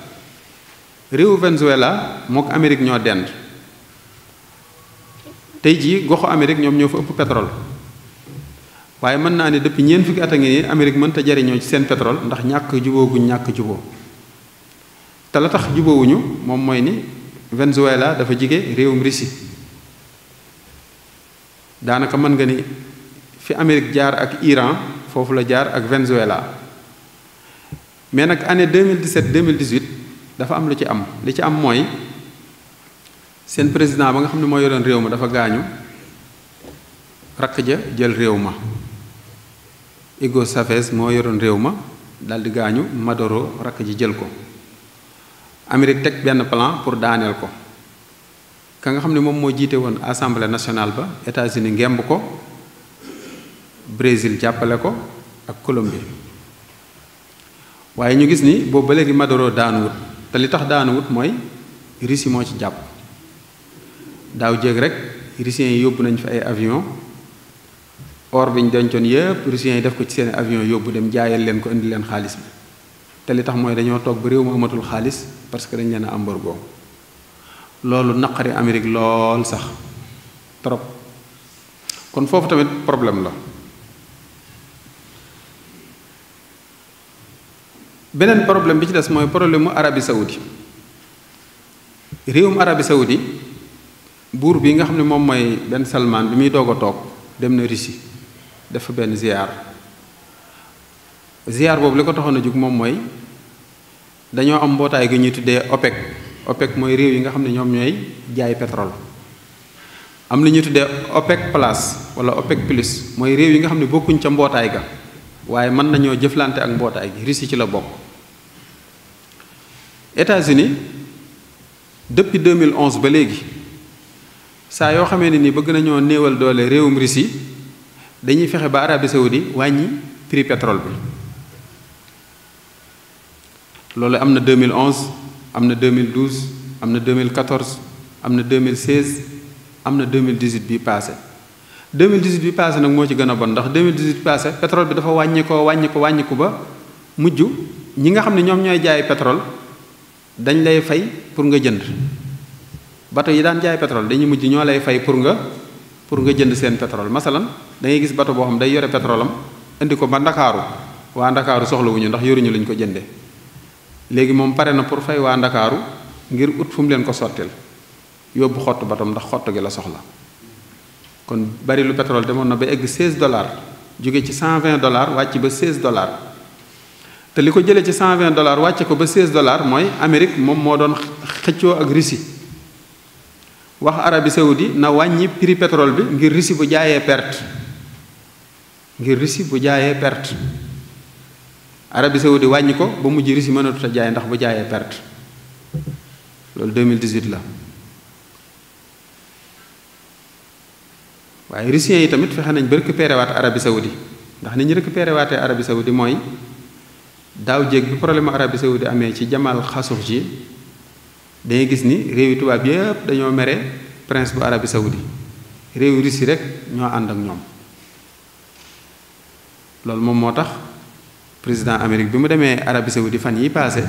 réewu Venezuela mook Amérique ñoo dend tey jii goxu Amérique ñoom ñoo fa ëpp pétrole waaye mën naa ne depuis ñeent fukki at a ngi nii Amérique mënta jariñoo ci seen pétrole ndax ñàkk juboo guñ ñàkk juboo te la tax juboowuñu moom mooy ni Venezuela dafa jige réewum Russie daanaka mën nga ni fi Amérique jaar ak Iran foofu la jaar ak Venezuela mais nag année 2017 2018 dafa am lu ci am li ci am mooy seen président ba nga xam ne moo yoroon réew ma dafa gaañu rakk jël réew ma Hugo Chavez moo yoroon réew ma dal di gaañu Maduro rakk ji jël ko Amérique teg benn plan pour daaneel ko ka nga xam ne moom moo jiite woon assemblée nationale ba États-Unis ngemb ko Brésil jàppale ko ak Colombie waaye ñu gis ni boobu ba léegi Maduro daanuwut te li tax daanuwut mooy Russie moo ci jàpp daaw jéeg rek russiens yi yóbbu nañ fi ay avion or bi ñu dencoon yépp russiens yi def ko ci seen avion yóbbu dem jaayal leen ko indi leen xaalis bi te li tax mooy dañoo toog ba réew mu amatul xaalis parce que dañ leen a embargo loolu naqari Amérique lool sax trop kon foofu tamit problème la beneen problème bi ci des mooy problème mu Arabie Saoudi réewum arabi Saoudi buur bi nga xam ne moom mooy benn Salman bi muy doog a toog dem na def fa benn ziar ziar boobu li ko taxoon a jóg moom mooy dañoo am mbootaay gi ñuy tuddee OPEC OPEC mooy réew yi nga xam ne ñoom ñooy jaay pétrole. am li ñuy tuddee OPEC plus wala OPEC plus mooy réew yi nga xam ne bokkuñ ca mbootaay ga waaye mën nañoo jëflante ak mbootaay gi Russie ci la bokk États-Unis depuis 2011 ba léegi. saa yoo xamee ne ni bëgg nañoo néewal doole réewum Russie dañuy fexe ba Arabie Saoudi wàññi prix pétrole bi loolu am na 2011 am na 2012 am na 2014 am na 2016 am na 2018 bi passé 2018 bi passé nag moo ci gën a bon ndax 2018 passé pétrole bi dafa wàññi ko wàññi ko wàññi ko ba mujj ñi nga xam ne ñoom ñooy jaay pétrole dañ lay fay pour nga jënd bato yi daan jaay pétrole dañuy mujj ñoo lay fay pour nga pour nga jënd seen pétrole masalan da gis bato boo xam day yore pétrole am indi ko ba ndakaaru waa ndakaaru soxlawuñu ndax yoruñu lañu ko jënde léegi moom pare na pour fay waa ndakaaru ngir ut fu leen ko sottil yóbbu xottu batom ndax xottu gi la soxla kon bari lu pétrole demoon na ba egg 16 dollars jóge ci 120 dollars wàcc ba 16 dollars te li ko jëlee ci 120 dollars wàcce ko ba 16 dollars mooy Amérique moom moo doon xëccoo ak Russie wax Arabie saoudi na wàññi prix pétrole bi ngir Russie bu jaayee perte ngir risi bu jaayee perte Arabie saoudi wàññi ko ba mujj Russie mënatut a jaay ndax bu jaayee perte loolu 2018 la waaye russiens yi tamit fexe nañ ba récupéré waat Arabie saoudi ndax ni ñu récupéré waatee Arabie saoudi mooy daaw jéeg bi problème Arabie saoudi amee ci Jamal Khashoggi dañuy gis ni réewi tubaab yépp dañoo mere prince bu Arabie Saoudi réewi Russie rek ñoo ànd ak ñoom loolu moom moo tax président Amérique bi mu demee Arabie Saoudi fan yi paase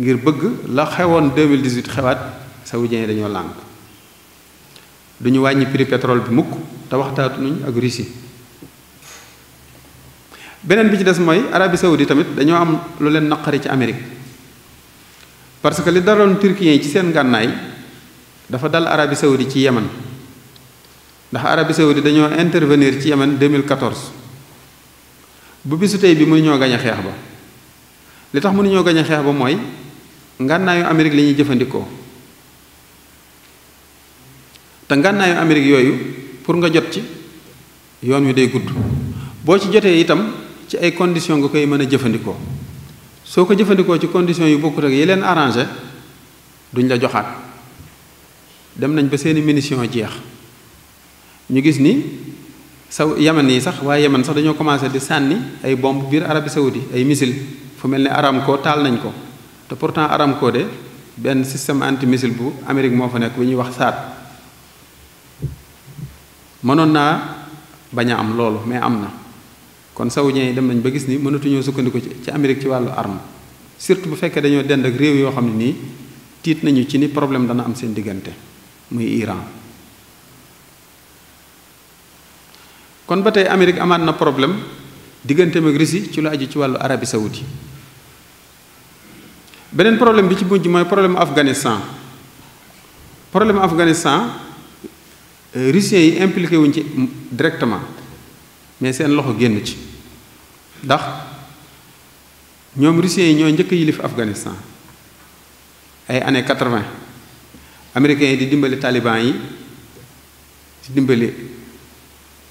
ngir bëgg la xewoon 2018 xewaat saoudien yi dañoo lànk duñu wàññi prix pétrole bi mukk te waxtaatu nuñ ak Russie beneen bi ci des mooy arabi Saoudi tamit dañoo am lu leen naqari ci Amérique parce que li daroon turkiyen yi ci seen ngànnaay dafa dal Arabie Saoudite ci Yemen ndax Arabie Saoudite dañoo intervenir ci Yemen 2014 bu bisu tey bi mënuñoo gañ a xeex ba li tax mënuñoo gañ a xeex ba mooy ngànnaayu Amérique la ñuy jëfandikoo te ngànnaayu Amérique yooyu pour nga jot ci yoon wi day gudd boo ci jotee itam ci ay conditions nga koy mën a jëfandikoo soo ko jëfandikoo ci condition yu bokkut ak yi leen arrangé duñ la joxaat dem nañ ba seeni munition jeex ñu gis ni saw yaman yi sax waaye yaman sax dañoo commencé di sànni ay bomb biir Arabie Saoudite ay missile fu mel ne Aramco taal nañ ko te pourtant Aramco de benn système anti missile bu Amérique moo fa nekk bu ñuy wax saat mënoon naa bañ a am loolu mais am na kon saoudien yi dem nañ ba gis ni mënatuñoo sukkandiku ci ci Amérique ci wàllu arme surtout bu fekkee dañoo dend ak réew yoo xam ne nii tiit nañu ci ni problème dana am seen diggante muy Iran kon ba tey Amérique amaat na problème digganteem ak Russie ci lu aju ci wàllu Arabie saoudi beneen problème bi ci mujj mooy problème Afghanistan problème Afghanistan euh, russiens yi impliqué wuñ ci directement mais seen loxo génn ci ndax ñoom russiens yi ñoo njëkk yilif Afghanistan ay années quatre-vingt américains yi di dimbali taliban yi di dimbali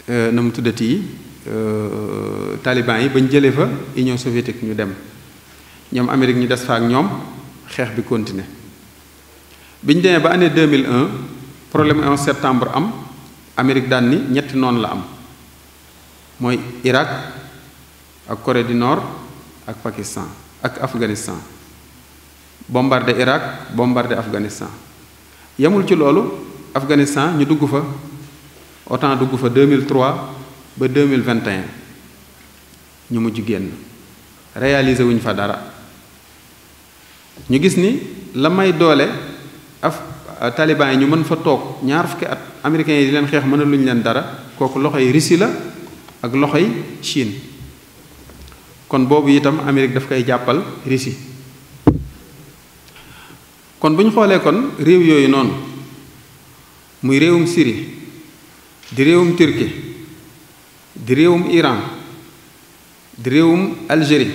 euh, na mu tuddati yi euh, taliban yi bañ jëlee fa Union soviétique ñu dem ñoom Amérique ñu des fa ak ñoom xeex bi continuer biñ demee ba année 2001 problème 11 septembre am Amérique daan ni ñetti noonu la am mooy Irak ak Corée du Nord ak Pakistan ak Afghanistan bombardé Irak bombardé Afghanistan yemul ci loolu Afghanistan ñu dugg fa OTAN dugg fa 2003 ba 2021 ñu mujj génn réaliser wuñ fa dara ñu gis ni la may doole af euh, taliban yi ñu mën fa toog ñaar fukki at américains yi di leen xeex mëna luñ leen dara kooku loxo yi Russie la ak loxoy Chine kon boobu itam Amérique daf koy jàppal risi kon bu ñu xoolee kon réew yooyu noonu muy réewum Syrie di réewum Turquie di réewum Iran di réewum Algérie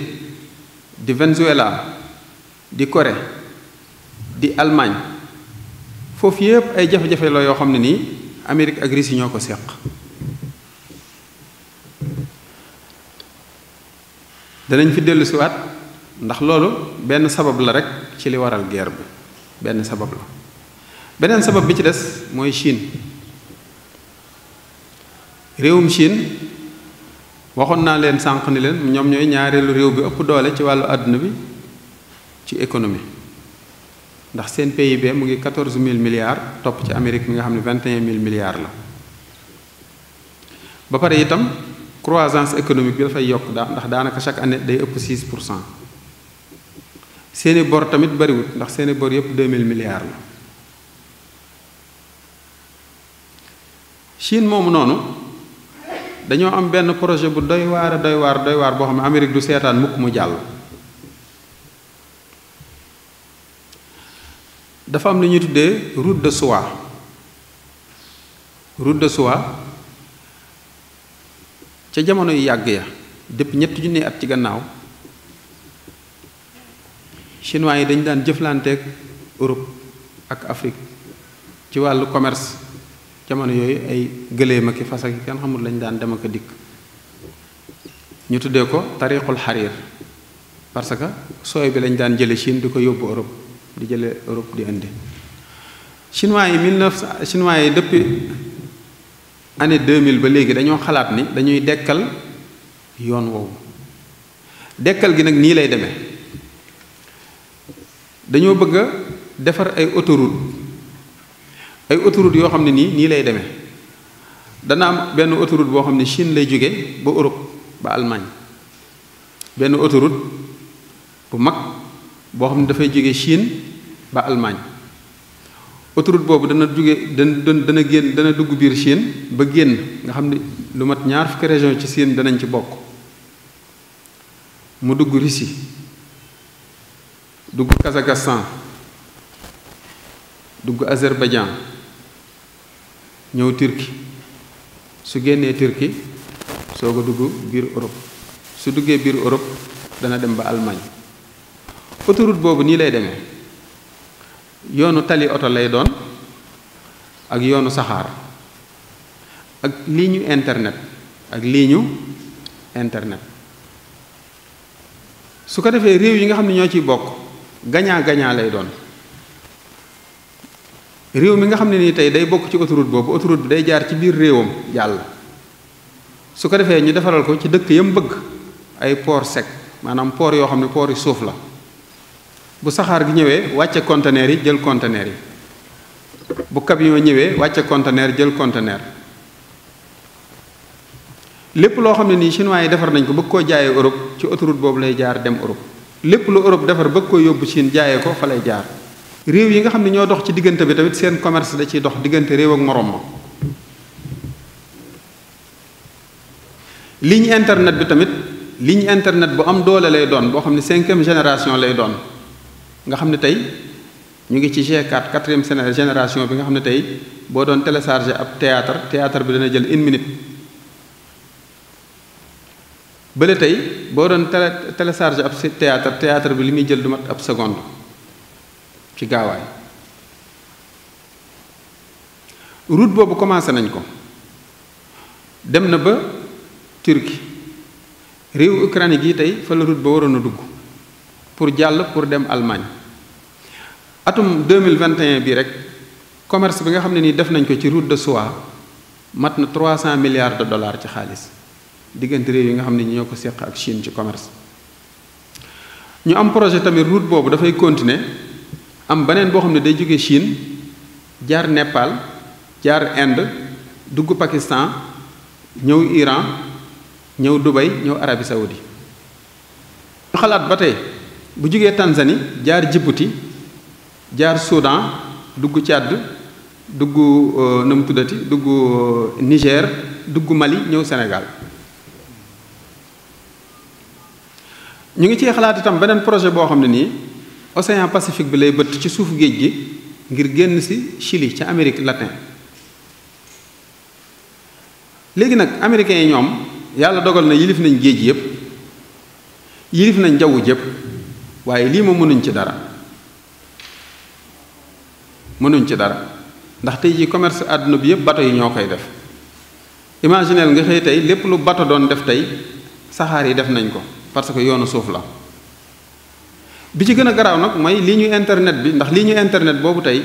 di Venezuela di kore di Allemagne foofu yépp ay jafe-jafe la yoo xam ne nii Amérique ak Russie ñoo ko seq danañ fi dellu siwaat ndax loolu benn sabab la rek ci li waral guerre bi benn sabab la beneen sabab bi ci des mooy Chine réewum Chine waxoon naa leen sànq ni leen ñoom ñooy ñaareelu réew bi ëpp doole ci wàllu àdduna bi ci économie ndax seen PIB mu ngi quatorze mille milliards topp ci Amérique bi nga xam ne vingt et un mille la ba pare itam croissance économique bi dafay yokk daa ndax daanaka chaque année day ëpp 6 pour cent seeni bor tamit bariwut ndax seeni bor yëpp 2000 milliards la Chine moomu noonu dañoo am benn projet bu doy waar doy waar doy waar boo xam ne Amérique du seetaan mukk mu jàll dafa am lu ñuy tuddee route de soie route de soie ca jamono yu yàgg ya ñett ñetti junni at ci gannaaw chinois yi dañ daan jëflanteeg Europe ak Afrique ci wàllu commerce jamono yooyu ay gëléem ak fas ak kenn xamul lañ daan dem ak dikk ñu tuddee ko tariqul xariir parce que sooy bi lañ daan jële Chine di ko yóbbu Europe di jële Europe di indi chinois yi 19 chinois yi depuis année 2000 ba léegi dañoo xalaat ni dañuy dekkal yoon woowu dekkal gi nag nii lay deme dañoo bëgg a defar ay autoroute ay autoroute yoo xam ne nii nii lay demee dana am benn autoroute boo xam ne Chine lay jóge ba ërop ba Allemagne benn autoroute bu mag boo xam ne dafay jóge Chine ba almaañ autoroute boobu dana jóge dana dana génn dana dugg biir Chine ba génn nga xam ni lu mat ñaar fukki région ci Chine danañ ci bokk mu dugg Russie dugg Kazakhstan dugg Azerbaïdjan ñëw Turquie su génnee Turquie soog a dugg biir Europe su duggee biir urop dana dem ba Allemagne autoroute boobu nii lay deme yoonu tali oto lay doon ak yoonu saxaar ak lii ñu internet ak lii ñu internet su ko defee réew yi nga xam ne ñoo ciy bokk gagnant gagnant lay doon réew mi nga xam ne nii tey day bokk ci autoroute boobu autoroute bi day jaar ci biir réewam jàll su ko defee ñu defaral ko ci dëkk yam bëgg ay port sec maanaam port yoo xam ne port yu suuf la bu saxaar gi ñëwee wàcce conteneur yi jël conteneur yi bu camion ñëwee wàcce conteneur jël conteneur lépp loo xam ne nii chinois yi defar nañ ko bëgg koo jaayee Europe ci autoroute boobu lay jaar dem Europe lépp lu Europe defar bëgg koo yóbbu Chine jaayee ko fa lay jaar réew yi nga xam ne ñoo dox ci diggante bi tamit seen commerce da ciy dox diggante réew ak morom ma ligne internet bi tamit ligne internet bu am doole lay doon boo xam ne cinquième génération lay doon nga xam ne tey ñu ngi ci G4 quatrième génération bi nga xam ne tey boo doon télécharger ab théâtre théâtre bi dana jël une minute bële tey boo doon télé télécharger ab théâtre théâtre bi li muy jël du mat ab seconde ci gaawaay route boobu commencé nañ ko dem na ba Turquie réew Ukraine gii tey fa la route ba waroon a dugg pour jàll pour dem Allemagne atum 2021 bii rek commerce bi nga xam ne nii def nañ ko ci route de soie mat na 300 milliards de dollars ci xaalis diggante réew yi nga xam ne ñoo ko seq ak Chine ci commerce ñu am projet tamit route boobu dafay continuer am beneen boo xam ne day jóge Chine jaar Népal jaar Inde dugg Pakistan ñëw Iran ñëw Dubai ñëw Arabie Saoudi xalaat ba tey bu jógee Tanzanie jaar Djibouti jaar Soudan dugg Tchad duggu euh, nu mu tuddati dugg euh, Niger duggu Mali ñëw senegal ñu ngi ciy xalaat itam beneen projet boo xam ne nii océan Pacifique bi lay bëtt ci suufu géej gi ngir génn si Chili ca Amérique latine léegi nag américains yi ñoom yàlla dogal na yilif nañ géej yëpp yilif nañ jaww jëpp waaye lii ma mënuñ ci dara mënuñ ci dara ndax tey jii commerce àdduna bi yëpp bato yi ñoo koy def imagineel nga xëy tey lépp lu bato doon def tey saxaar yi def nañ ko parce que yoonu suuf la bi ci gën a garaaw nag mooy lii ñu internet bi ndax lii ñu internet boobu tey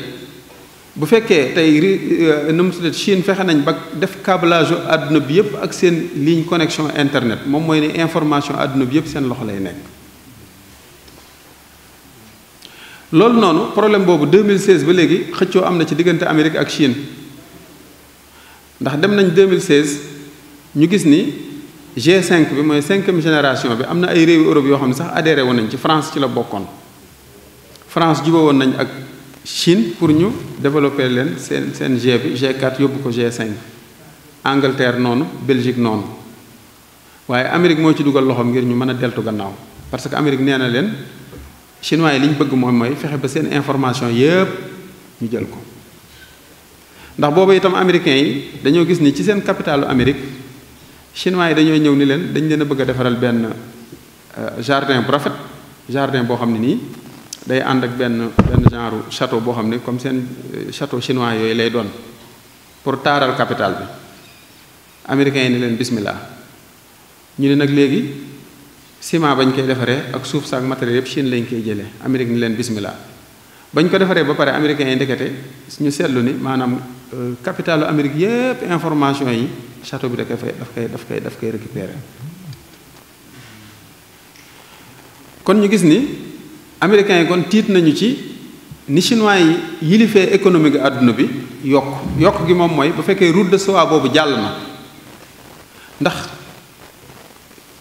bu fekkee tey euh, nu mu tuddee Chine fexe nañ ba def câblage àdduna bi yëpp ak seen liiñu connexion internet moom mooy ne information àdduna bi yëpp seen loxo lay nekk loolu noonu problème boobu 2016 ba léegi xëccoo am na ci diggante Amérique ak Chine ndax dem nañ 2016 ñu gis ni G5 bi mooy cinquième génération bi am na ay réewi Europe yoo xam ne sax adhéré woon nañ ci France ci la bokkoon France juba woon nañ ak Chine pour ñu développer leen seen seen G bi G4 yóbbu ko G5 Angleterre noonu Belgique noonu waaye Amérique moo ci dugal loxoom ngir ñu mën a deltu gannaaw parce que Amérique nee na leen chinois yi li ñu bëgg moom mooy fexe ba seen information yëpp ñu jël ko ndax booba itam américains yi dañoo gis ni ci seen capitalu Amérique chinois yi dañoo ñëw ni leen dañ leen a bëgg a defaral benn euh, jardin bu rafet jardin boo xam ne nii day ànd ak benn benn genre château boo xam ne comme seen euh, château chinois yooyu lay doon pour taaral capital bi américains yi ni leen bismillah ñu ne nag léegi ciment bañ koy defaree ak suuf saak matériel yëpp Chine lañ koy jëlee Amérique ni leen bismillah bañ ko defaree ba pare américains yi ndekete ñu seetlu ni maanaam euh, capitalu Amérique yëpp information yi château bi da koy fay daf koy daf koy daf koy récupérer kon ñu gis ni américains yi kon tiit nañu ci ni chinois yi yilifee économique àdduna bi yokk yokk gi moom mooy bu fekkee route de soie boobu jàll na ndax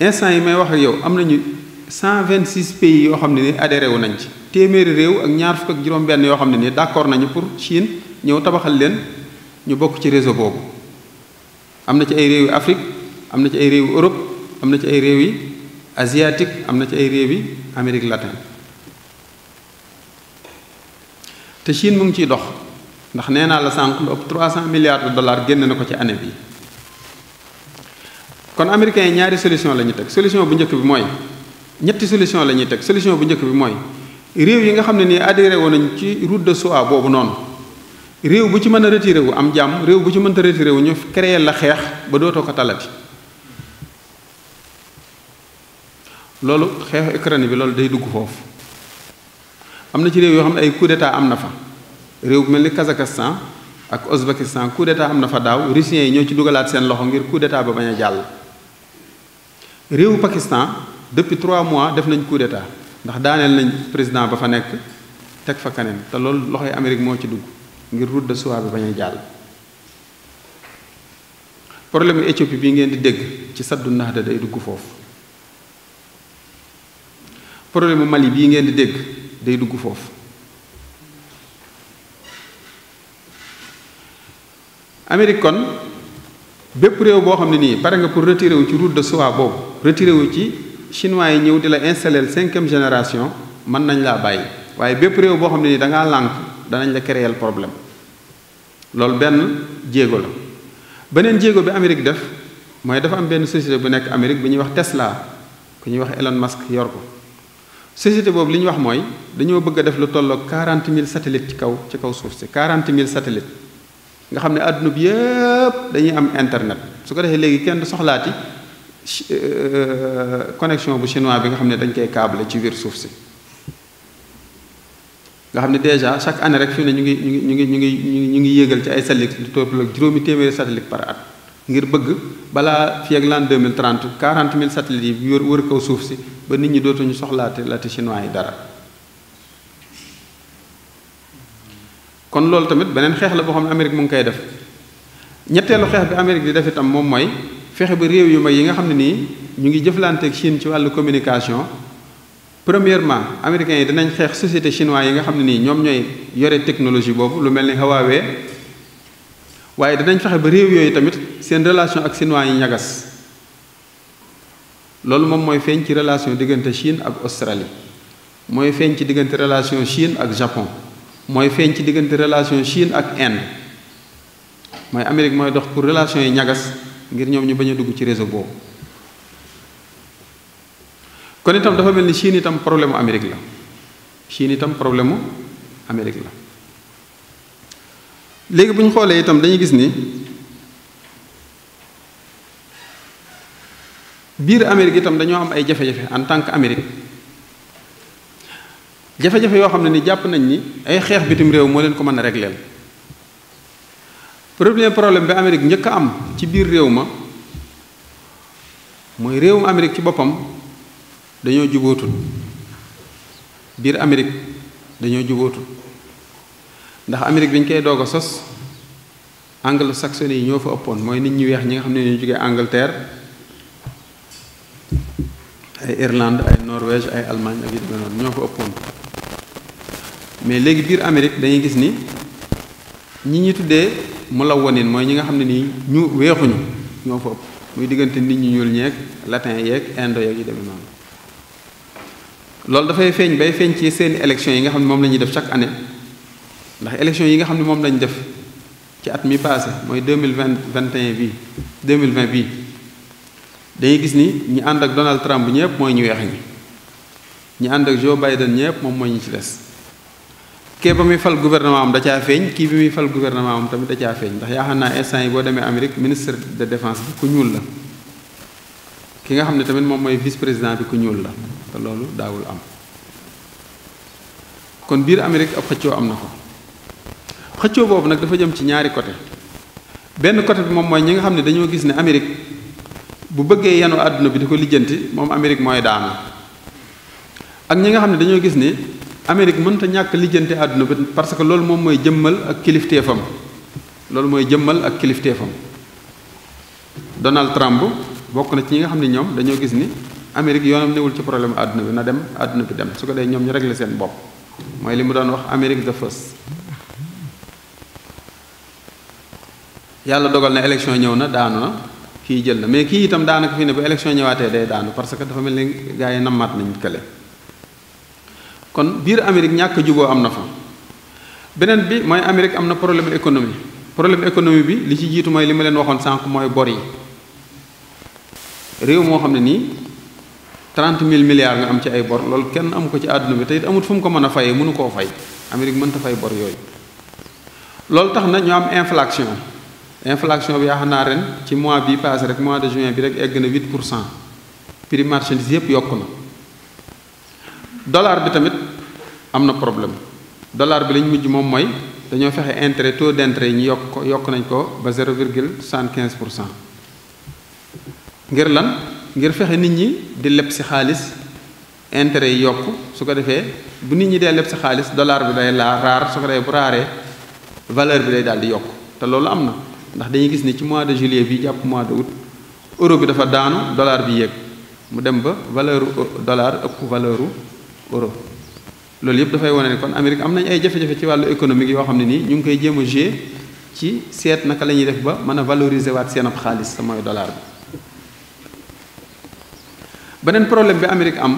instant yi may wax ak yow am nañu cent vingt six pays yoo xam ne ni adhéré wu nañ ci téeméeri réew ak ñaar fukk ak juróom-benn yoo xam ne ni d'accord nañu pour Chine ñëw tabaxal leen ñu bokk ci réseau boobu am na ci ay réew yi Afrique am na ci ay réew yi am na ci ay réew yi asiatique am na ci ay réew yi Amérique latine te Chine mu ngi ciy dox ndax nee la sànq lu ëpp 300 milliards de dollars génn na ko ci année bi kon américains yi ñaari solution la ñu teg solution bu njëkk bi mooy ñetti solution la ñuy teg solution bu njëkk bi mooy réew yi nga xam ne nii adhéré woon nañ ci route de soie boobu noonu réew bu ci mën a retiré wu am jàmm réew bu ci mënta retiré wu ñu créé la xeex ba dootoo ko talati loolu xeex Ukraine bi loolu day dugg foofu am na ci réew yoo xam ne ay coup am na fa réew bu mel ni Kazakhstan ak Ouzbékistan coup d'état am na fa daaw russiens yi ñoo ci dugalaat seen loxo ngir coup d'état ba bañ a jàll réewu Pakistan depuis trois mois def nañ coup d'état ndax daaneel nañ président ba fa nekk teg fa kaneen te lool loxoy Amérique moo ci dugg ngir route de soie bi bañ a jàll. problème mu Éthiopie ngeen di dégg ci saddu naxda day dugg foofu problème mu Mali bii ngeen di dégg day dugg foofu. Amérique kon bépp réew boo xam ne nii pare nga pour retirer wu ci route de soie boobu. retiré wu ci chinois yi ñëw di la installer cinquième génération mën nañ laa bàyyi waaye bépp réew boo xam ne nii da ngaa lànk danañ la créer problème loolu benn jéego la. beneen jéego bi Amérique def mooy dafa am benn société bu nekk Amérique bu ñuy wax Tesla ku ñuy wax Elon Musk yor ko société boobu li ñu wax mooy dañoo bëgg a def lu tolloog quarante mille satellites ci kaw ci kaw suuf si quarante mille satellites nga xam ne àdduna bi yëpp dañuy am internet su ko defee léegi kenn du soxlaati. Euh, connexion bu chinois bi nga xam ne dañ koy câble ci biir suuf si nga xam ne déjà chaque année rek fii ne ñu ngi ñu ngi ñu ngi ñu ngi ñu ngi yéegal ci ay satellite lu toll juróomi téeméeri satellite par at ngir bëgg balaa fii ak l'an 2030 40 mille satellites yi wër wër kaw suuf si ba nit ñi dootuñu soxlaate laati chinois yi dara kon loolu tamit beneen xeex la boo xam ne Amérique mu ngi koy def ñetteelu xeex bi Amérique di def itam moom mooy fexe ba réew yu may yi nga xam ne nii ñu ngi jëflante ak Chine ci wàllu communication premièrement américains yi danañ xeex société chinois yi nga xam ne nii ñoom ñooy yore technologie boobu lu mel ni Huawei waaye danañ fexe ba réew yooyu tamit seen relation ak chinois yi ñagas loolu moom mooy feeñ ci relation diggante Chine ak Australie mooy feeñ ci diggante relation Chine ak Japon mooy feeñ ci diggante relation Chine ak Inde mooy Amérique mooy dox pour relation yi ñagas ngir ñoom ñu bañ a dugg ci réseau boobu kon itam dafa mel ni Chine itam problème mu la Chine itam problème mu Amérique la léegi buñ xoolee itam dañuy gis nii biir Amérique itam dañoo am ay jafe-jafe en tant que Amérique jafe-jafe yoo xam ne ni jàpp nañ ni ay xeex bitim réew moo leen ko mën a régleel premier problème bi Amérique njëkk a am ci biir réew ma mooy réewum Amérique ci boppam dañoo jubootul biir Amérique dañoo jubootul ndax Amérique bi ñu koy doog sos anglo-saxon yi ñoo fa ëppoon mooy nit ñu weex ñi nga xam ne ñu jógee Angleterre ay Irlande ay Norvège ay Allemagne ak yu demee noonu ñoo fa ëppoon mais léegi biir Amérique dañuy gis ni. ñi ñi tuddee mu la wonin mooy ñi nga xam ne nii ñu weexuñu ñoo fa ëpp muy diggante nit ñu ñuul ñeek latin yeeg indo yeeg yu demee noonu loolu dafay feeñ bay feeñ ci seeni élection yi nga xam ne moom la ñuy def chaque année ndax élection yi nga xam ne moom lañ def ci at mi passé mooy deux mille vingt vingt et un bii deux mille vingt bii dañuy gis ni ñi ànd ak Donald Trump ñëpp mooy ñu weex ñi ñi ànd ak Joe Biden ñëpp moom mooy ñu ci des kee ba muy fal gouvernement am da caa feeñ kii bi muy fal gouvernement am tamit da caa feeñ ndax yaa xam naa instant yi boo demee Amérique ministre de défense bi ku ñuul la ki nga xam ne tamit moom mooy vice président bi ku ñuul la te loolu daawul am kon biir Amérique ab xëccoo am na ko xëccoo boobu nag dafa jëm ci ñaari côté benn côté bi moom mooy ñi nga xam ne dañoo gis ne Amérique bu bëggee yanu àdduna bi di ko lijjanti moom Amérique mooy daanu ak ñi nga xam ne dañoo gis ni Amérique mënta ñàkk lijjante àdduna bi parce que loolu moom mooy jëmmal ak kilifteefam loolu mooy jëmmal ak kilifteefam Donald Trump bokk na ci ñi nga xam ne ñoom dañoo gis ni Amérique yoonam newul ci problème àdduna bi na dem àdduna bi dem su ko dee ñoom ñu régler seen bopp mooy li mu doon wax Amérique the first yàlla dogal na élection ñëw na daanu na kii jël na mais kii itam daanaka fii ne bu élection ñëwaatee day daanu parce que dafa mel ni gars yi nammaat nañ kële kon biir Amérique ñàkk juboo am na fa beneen bi mooy Amérique am na problème économie problème économie bi li ci jiitu mooy li ma leen waxoon sànq mooy bor yi réew moo xam ne nii trente mille milliards nga am ci ay bor lool kenn amu ko ci àdduna bi tey it amut fu mu ko mën a fayee mënu koo fay Amérique mënta fay bor yooyu loolu tax na ñu am inflation inflation bi yaakaar naa ren ci mois bi passé rek mois de juin bi rek egg na 8 pour cent prix marchandise yëpp yokk na dollar bi tamit am na problème dollar bi lañu mujj moom mooy dañoo fexe intérêt taux d'intérêt yi ñu yokk ko yokk nañ ko ba zéro virgule soixante-quinze pour cent ngir lan ngir fexe nit ñi di leb si xaalis intérêt yi yokk su ko defee bu nit ñi dee leb si xaalis dollar bi day laa raar su ko defee bu raaree valeur bi day daal di yokk te loolu am na ndax dañuy gis ni ci mois de juillet bi jàpp mois de août euro bi dafa daanu dollar bi yéeg mu dem ba valeur dollar ëpp valeur Europe loolu yëpp dafay wane ne kon Amérique am nañ ay jafe-jafe ci wàllu économique yoo xam ne nii ñu ngi koy jéema a ci seet naka la ñuy def ba mën a valoriser waat seen ab xaalis te mooy dollar bi. beneen problème bi Amérique am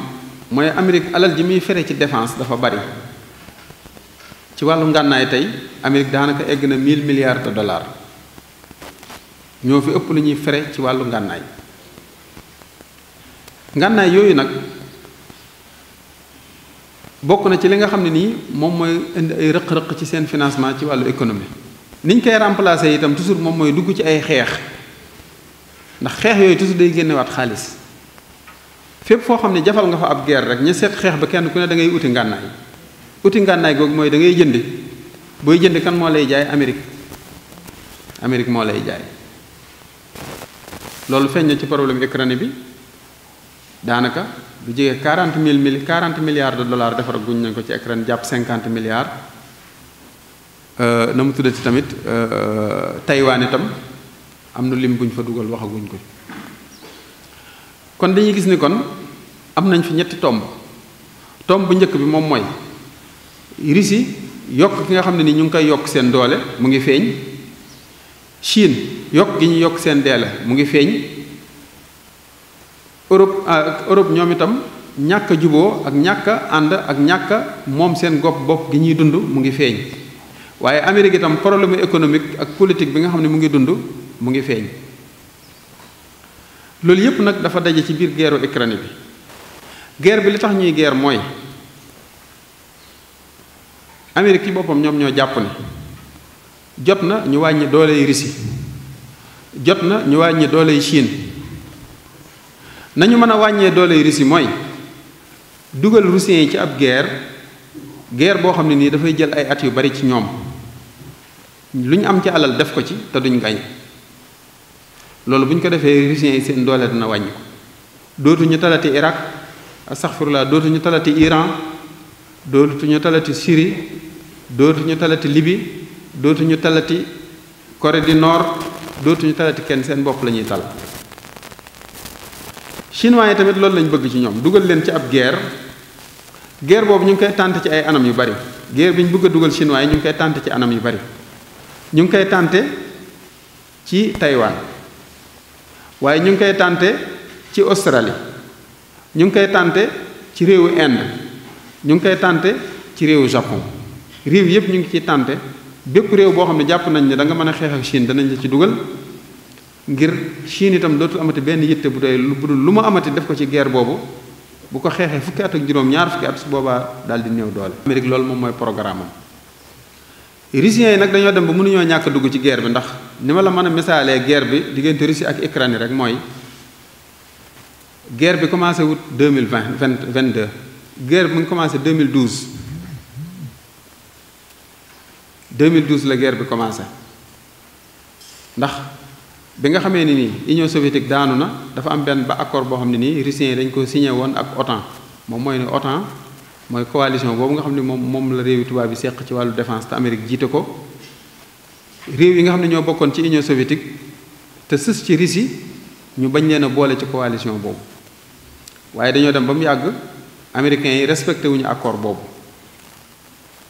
mooy Amérique alal ji muy fere ci défense dafa bari ci wàllu ngànnaay tey Amérique daanaka egg na 1000 milliards de dollars ñoo fi ëpp lu ñuy fere ci wàllu ngànnaay ngànnaay yooyu nag. bokk na ci li nga xam ne nii moom mooy indi ay rëq-rëq ci seen financement ci wàllu économie niñ koy remplacer itam toujours moom mooy dugg ci ay xeex ndax xeex yooyu toujours day génne génnewaat xaalis fépp foo xam ne jafal nga fa ab guerre rek ña seet xeex ba kenn ku ne da ngay uti ngànnaay uti ngànnaay googu mooy da ngay jënd booy jënd kan moo lay jaay Amérique Amérique moo lay jaay loolu feeñ na ci problème Ukraine bi daanaka lu jege quarante mill mill quarante milliards de dollars defar guñ nañ ko ci Ukraine jàpp cinquante milliards euh, na mu tuddati tamit euh, Taïwan itam am na lim buñ fa dugal waxaguñ ko kon dañuy gis ni kon am nañ fi ñetti tomb tomb bu njëkk bi moom mooy Russie yokk ki nga xam ne ni ñu ngi koy yokk seen doole mu ngi feeñ Chine yokk gi ñu yokk seen deele mu ngi feeñ Europe euh, Europe ñoom itam ñàkk a juboo ak ñàkk ànd ak ñàkk moom seen gopp bopp gi ñuy dund mu ngi feeñ waaye Amérique itam problème économique ak politique bi nga xam ne mu ngi dund mu ngi feeñ loolu yépp nag dafa daje ci biir guerru Ukraine bi guerre bi li tax ñuy guerre mooy Amérique ci boppam ñoom ñoo jàpp ne jot na ñu wàññi dooley Russie jot na ñu wàññi dooley Chine nañu mën a wàññee doole Russie mooy dugal russiens yi ci ab guerre guerre boo xam ne nii dafay jël ay at yu bari ci ñoom lu ñu am ci alal def ko ci te duñu gañ loolu bu ñu ko defee russiens yi seen doole dina wàññi ko dootuñu talati Irak astaghfirullah dootuñu talati Iran dootuñu talati Syrie dootuñu talati Libye dootuñu talati Corée du Nord dootuñu talati kenn seen bopp lañuy ñuy tal chinois yi tamit loolu lañu bëgg ci ñoom dugal leen ci ab guerre guerre boobu ñu ngi koy tànt ci ay anam yu bari guerre bi ñu bëgg a dugal chinois yi ñu ngi koy tànt ci anam yu bari ñu ngi koy tànte ci Taïwan waaye ñu ngi koy tànte ci Australie ñu ngi koy tànte ci réewu Inde ñu ngi koy tànte ci réewu Japon réew yépp ñu ngi ciy tànte bépp réew boo xam ne jàpp nañ ne danga mën a xeex ak Chine danañ la ci dugal ngir Chine itam dootul amati benn yitte bu doy bu lu ma amati def ko ci guerre boobu bu ko xeexee fukki at ak juróom ñaar fukki at su boobaa daal di néew doole. Amérique loolu moom mooy programme am yi nag dañoo dem ba mënuñoo ñàkk dugg ci guerre bi ndax ni ma la mën a misaalee guerre bi diggante Russie ak Ukraine rek mooy guerre bi commencé wut deux mille vingt vingt deux guerre bi mu ngi commencé deux mille douze mille douze la guerre bi commencé ndax. bi nga xamee ne nii Union soviétique daanu na dafa am benn ba accord boo xam ne nii Russiens yi dañ ko signé woon ak OTAN moom mooy ne OTAN mooy coalition boobu nga xam ne moom moom la réewi tubaab bi seq ci wàllu défense te Amérique jiite ko réew yi nga xam ne ñoo bokkoon ci Union soviétique te sës ci Russie ñu bañ leen a boole ci coalition boobu waaye dañoo dem ba mu yàgg américains yi respecté wuñu accord boobu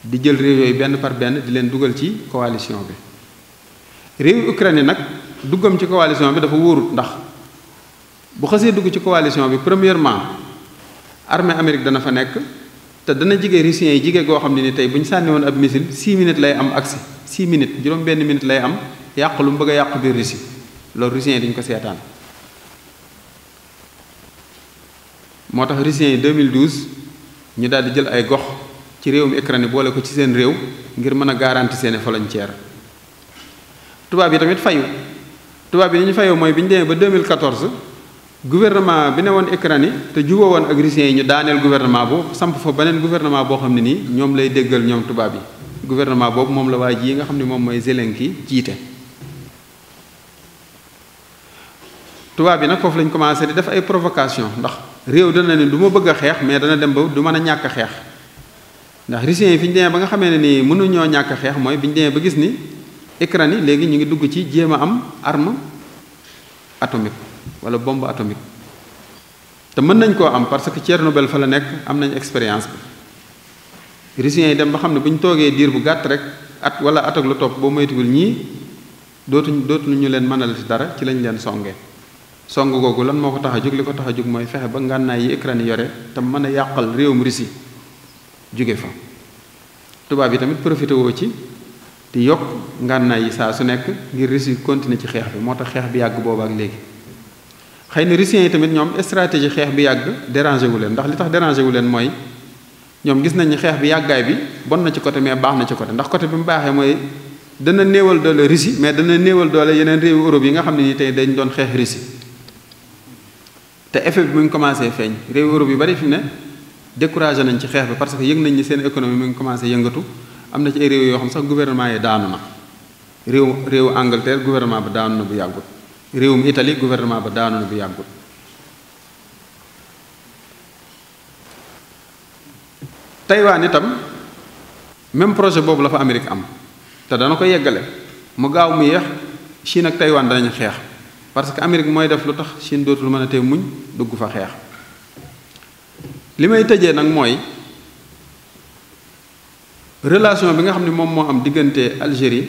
di jël réew yooyu benn par benn di leen dugal ci coalition bi nag. duggam ci coalition bi dafa wóorut ndax bu xasee dugg ci coalition bi premièrement armée Amérique dana fa nekk te dana jige Russiens yi jige goo xam ne ni tey bu ñu sànni woon ab missile 6 minutes lay am agsi 6 minutes juróom benn minute lay am yàq lu mu bëgg a yàq biir Russie loolu Russiens yi dañu ko seetaan moo tax Russiens yi 2012 ñu daal di jël ay gox ci réew réewum Ukraine boole ko ci seen réew ngir mën a garanti seeni frontière tubaab yi tamit fayu tubaab bi ni ñu fayoo mooy bi ñu demee ba 2014 gouvernement bi ne woon Écranie te juboo woon ak russiens yi ñu daaneel gouvernement boobu samp fa beneen guvernement boo xam ne nii ñoom lay déggal ñoom tubaab yi gouvernement boobu moom la waa jii nga xam ne moom mooy Zelensky jiite tubaab bi nag foofu lañ commencé di def ay provocation ndax réew dana ne du ma bëgg a xeex mais dana dem ba du mën a ñàkk xeex ndax russiens yi fi ñu demee ba nga xamee ne nii mënuñoo ñàkk xeex mooy bi ñu demee ba gis ni Iran léegi ñu ngi dugg ci jéem am arme atomique wala bomb atomique te mën nañ koo am parce que Tchernobyl fa la nekk am nañ expérience bi russiens yi dem ba xam ne bu ñu toogee diir bu gàtt rek at wala at ak lu topp boo moytuwul ñii dootuñ dootuñu ñu leen mënal ci dara ci lañ leen songee song googu lan moo ko tax a jóg li ko tax a jóg mooy fexe ba ngànnaay yi Iran yore te mën a yàqal réewum Russie jóge fa tubaab yi tamit profité woo ci te yokk ngànnaay yi saa su nekk ngir Russie yi continuer ci xeex bi moo tax xeex bi yàgg boobu ak léegi xëy na Russiens yi tamit ñoom stratégie xeex bi yàgg dérangé wu leen ndax li tax dérangé wu leen mooy ñoom gis nañ ni xeex bi yàggaay bi bon na ci côté mais baax na ci côté ndax côté bi mu baaxee mooy dana néewal doole Russie mais dana néewal doole yeneen réewu Europe yi nga xam ne nii tey dañ doon xeex Russie te effet bi mu ngi commencé feeñ réewu Europe yi bari fi ne découragé nañ ci xeex bi parce que yëg nañ ni seen économie mu ngi commencé yëngatu am na ci ay réew yoo xam sax gouvernement yi daanu na réew réewu Angleterre gouvernement bi daanu na bu yàggut réewum Italie gouvernement ba daanu na bu yàggut Taïwan itam même projet boobu la fa Amérique am te dana ko yeggale mu gaaw mu yéex Chine ak Taïwan danañ xeex parce que Amérique mooy def lu tax Chine dootul mën a tee muñ dugg fa xeex li may tëjee nag mooy relation bi nga xam ne moom moo am diggante Algérie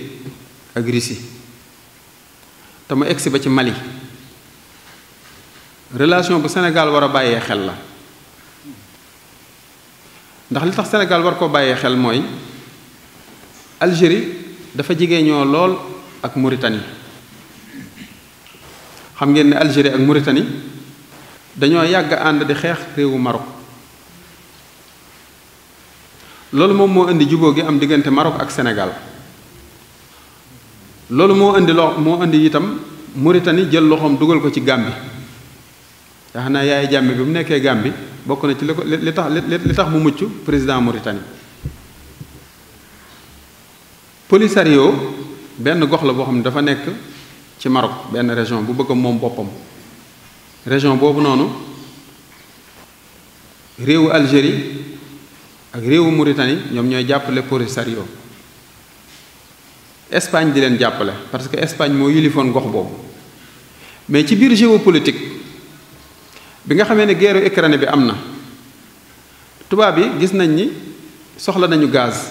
ak Russie te mu egsi ba ci Mali relation bu Sénégal war a bàyyee xel la ndax li tax Sénégal war ko bàyyee xel mooy Algérie dafa jigée ñoo lool ak moritani xam ngeen ne Algérie ak Mauritanie dañoo yàgg ànd di xeex réewu Maroc loolu moom moo indi juboo gi am diggante Maroc ak senegal loolu moo indi loo moo indi itam Mauritanie jël loxoom dugal ko ci Gàmbi nga xam naa yaay jàmmi bi mu nekkee Gàmbi bokk na ci li ko li tax li tax mu mucc président Mauritanie Polisario benn gox la boo xam ne dafa nekk ci Maroc benn région bu bëgg moom boppam région boobu noonu réewu Algérie ak réewu Mauritanie ñoom ñooy jàppale Polisario Espagne di leen jàppale parce que Espagne moo yilifoon gox boobu mais ci biir géopolitique bi nga xamee ne guerre Ukraine bi am na tubaab yi gis nañ ni soxla nañu gaz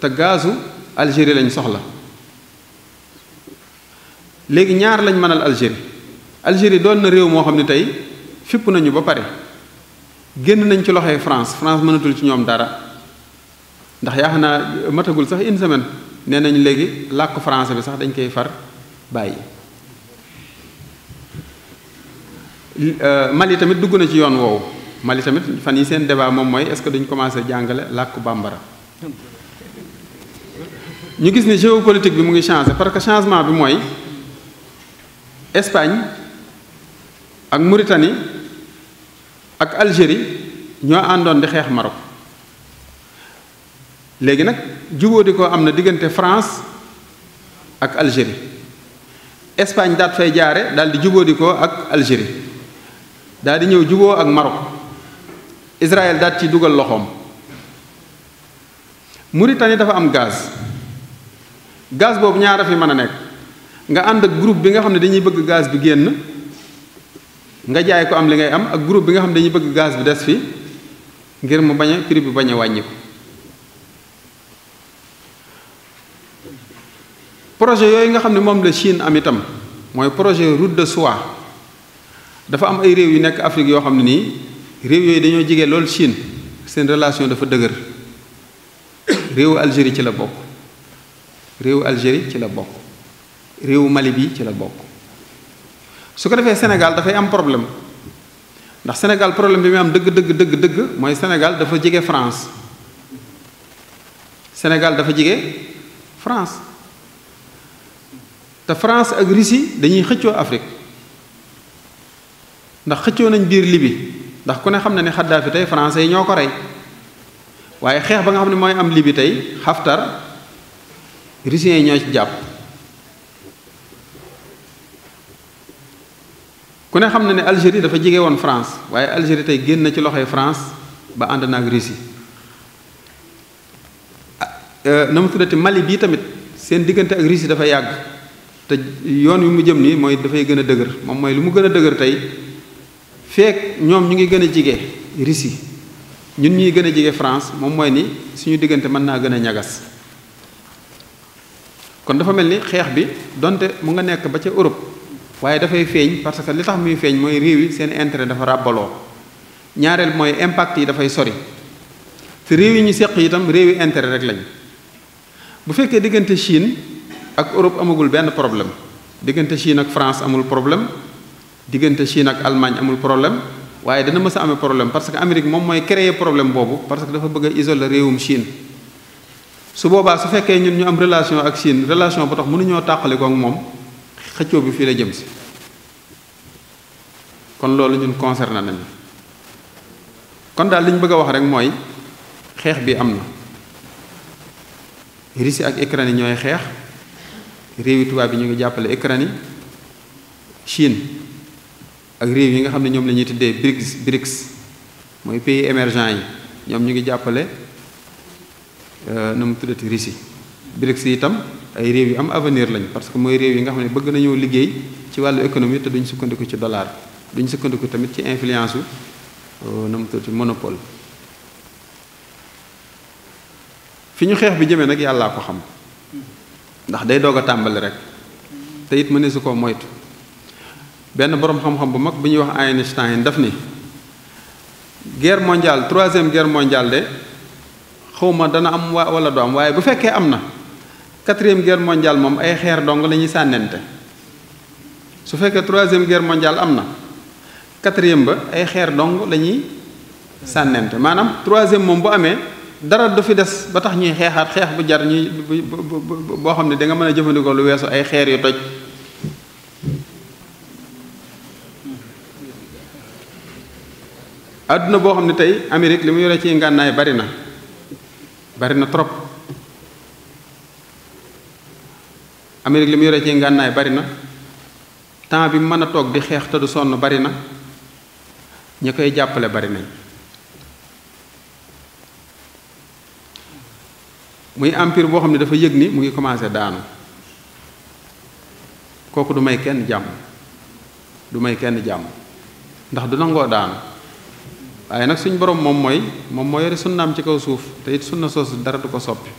te gazu Algérie lañ soxla léegi ñaar lañ mënal Algérie Algérie doon na réew moo xam ne tey fipp nañu ba pare génn nañ ci loxoy France France mënatul ci ñoom dara ndax yaakaar naa matagul sax une semaine nee nañ léegi làkk français bi sax dañ koy far bàyyi. Euh, Mali tamit dugg na ci yoon woowu Mali tamit fan yi seen débat moom mooy est-ce que duñ commencé jàngale làkku bambara. ñu gis ni géopolitique bi mu ngi changé parce que changement bi mooy Espagne ak muritani ak Algérie ñoo àndoon di xeex Maroc. léegi nag jubóo di ko am na diggante France ak Algérie Espagne daat fay jaare daal di jubóo di ko ak Algérie daal di ñëw juboo ak Maroc Israël daat ci dugal loxoom Mauritanie dafa am gaz gaz boobu ñaar a fi mën a nekk nga ànd ak groupe bi nga xam ne dañuy bëgg gaz bi génn nga jaay ko am li ngay am ak groupe bi nga xam ne dañuy bëgg gaz bi des fi ngir mu bañ a prix bi bañ a wàññi projet yooyu nga xam ne moom la Chine am itam mooy projet route de soie dafa am ay réew yu nekk Afrique yoo xam ne nii réew yooyu dañoo jigee loolu Chine seen relation dafa dëgër réew Algérie ci la bokk réew Algérie ci la bokk réewu Mali bi ci la bokk su ko defee Sénégal dafay am problème ndax Sénégal problème bi muy am dëgg dëgg dëgg dëgg mooy Sénégal dafa jege France Sénégal dafa jege France te France ak Russie dañuy xëccoo Afrique ndax xëccoo nañ biir Libye ndax ku ne xam na ne Xaddaafi tey france yi ñoo ko rey waaye xeex ba nga xam ne mooy am Libye tey Haftar russiens yi ñoo jàpp ku ne xam na ne Algérie dafa jege woon France waaye Algérie tey génn na ci loxoy France ba ànd naag Russie ah, euh, na mu tuddati Mali bii tamit seen diggante ak Russie dafa yàgg te yoon wi mu jëm nii mooy dafay gën a dëgër moom mooy lu mu gën a dëgër tey feek ñoom ñu ngi gën a jige Russie ñun ñuy gën a jige France moom mooy ni suñu diggante mën naa gën a ñagas kon dafa mel ni xeex bi donte mu nga nekk ba ca Europe waaye dafay feeñ parce que li tax muy feeñ mooy réew yi seen intérêt dafa ràbbaloo ñaareel mooy impact yi dafay sori te réew yi ñu seq itam réew yi intérêt rek lañ bu fekkee diggante Chine ak Europe amagul benn problème diggante Chine ak France amul problème diggante Chine ak Allemagne amul problème waaye dana mës a amee problème parce que Amérique moom mooy créer problème boobu parce que dafa bëgg a isoler réewum Chine. su boobaa su fekkee ñun ñu am relation ak Chine relation bu tax mënuñoo tàqali ko moom xëccoo bi fii la jëm si kon loolu ñun na nañu kon daal liñ bëgg a wax rek mooy xeex bi am na Russie ak Ukraine ñooy xeex. réew réewi tubaab yi ñu ngi jàppale Ukraine Chine ak réew yi nga xam ne ñoom lañuy ñuy tuddee BRICS BRICS mooy pays émergents yi ñoom ñu ngi jàppale euh, na mu tuddati Russie BRICS itam ay réew yu am avenir lañ parce que mooy réew yi nga xam ne bëgg nañoo liggéey ci wàllu économie te duñ sukkandiku ci dollar duñ sukkandiku tamit ci influence wu euh, na mu tuddati monopole fi ñu xeex bi jëmee nag yàllaa ko xam ndax day doog a tàmbali rek te it mëneesu koo moytu benn boroom xam-xam bu mag bu ñuy wax Einstein daf ni guerre mondiale troisième guerre mondiale de xawma dana am wa wala du am waaye bu fekkee am na quatrième guerre mondiale moom ay xeer dong la ñuy sànnente su fekkee troisième guerre mondiale am na quatrième ba ay xeer dong la ñuy sànnente maanaam troisième moom bu amee dara du fi des ba tax ñuy xeexaat xeex bu jar ñuy boo xam ne da nga mën a jëfandikoo lu weesu ay xeer yu toj àdduna boo xam ne tey Amérique li mu yore ci ngànnaay bari na bari na trop Amérique li mu yore ci ngànnaay bari na temps bi mën a toog di xeex te du sonn bari na ñu koy jàppale bari nañ muy empire boo xam ne dafa yëg ni mu ngi commencé daanu kooku du may kenn jàmm du may kenn jàmm ndax du nangoo daanu waaye nag suñ borom moom mooy moom moo yore sunnaam ci kaw suuf te it sunna soosu dara du ko soppi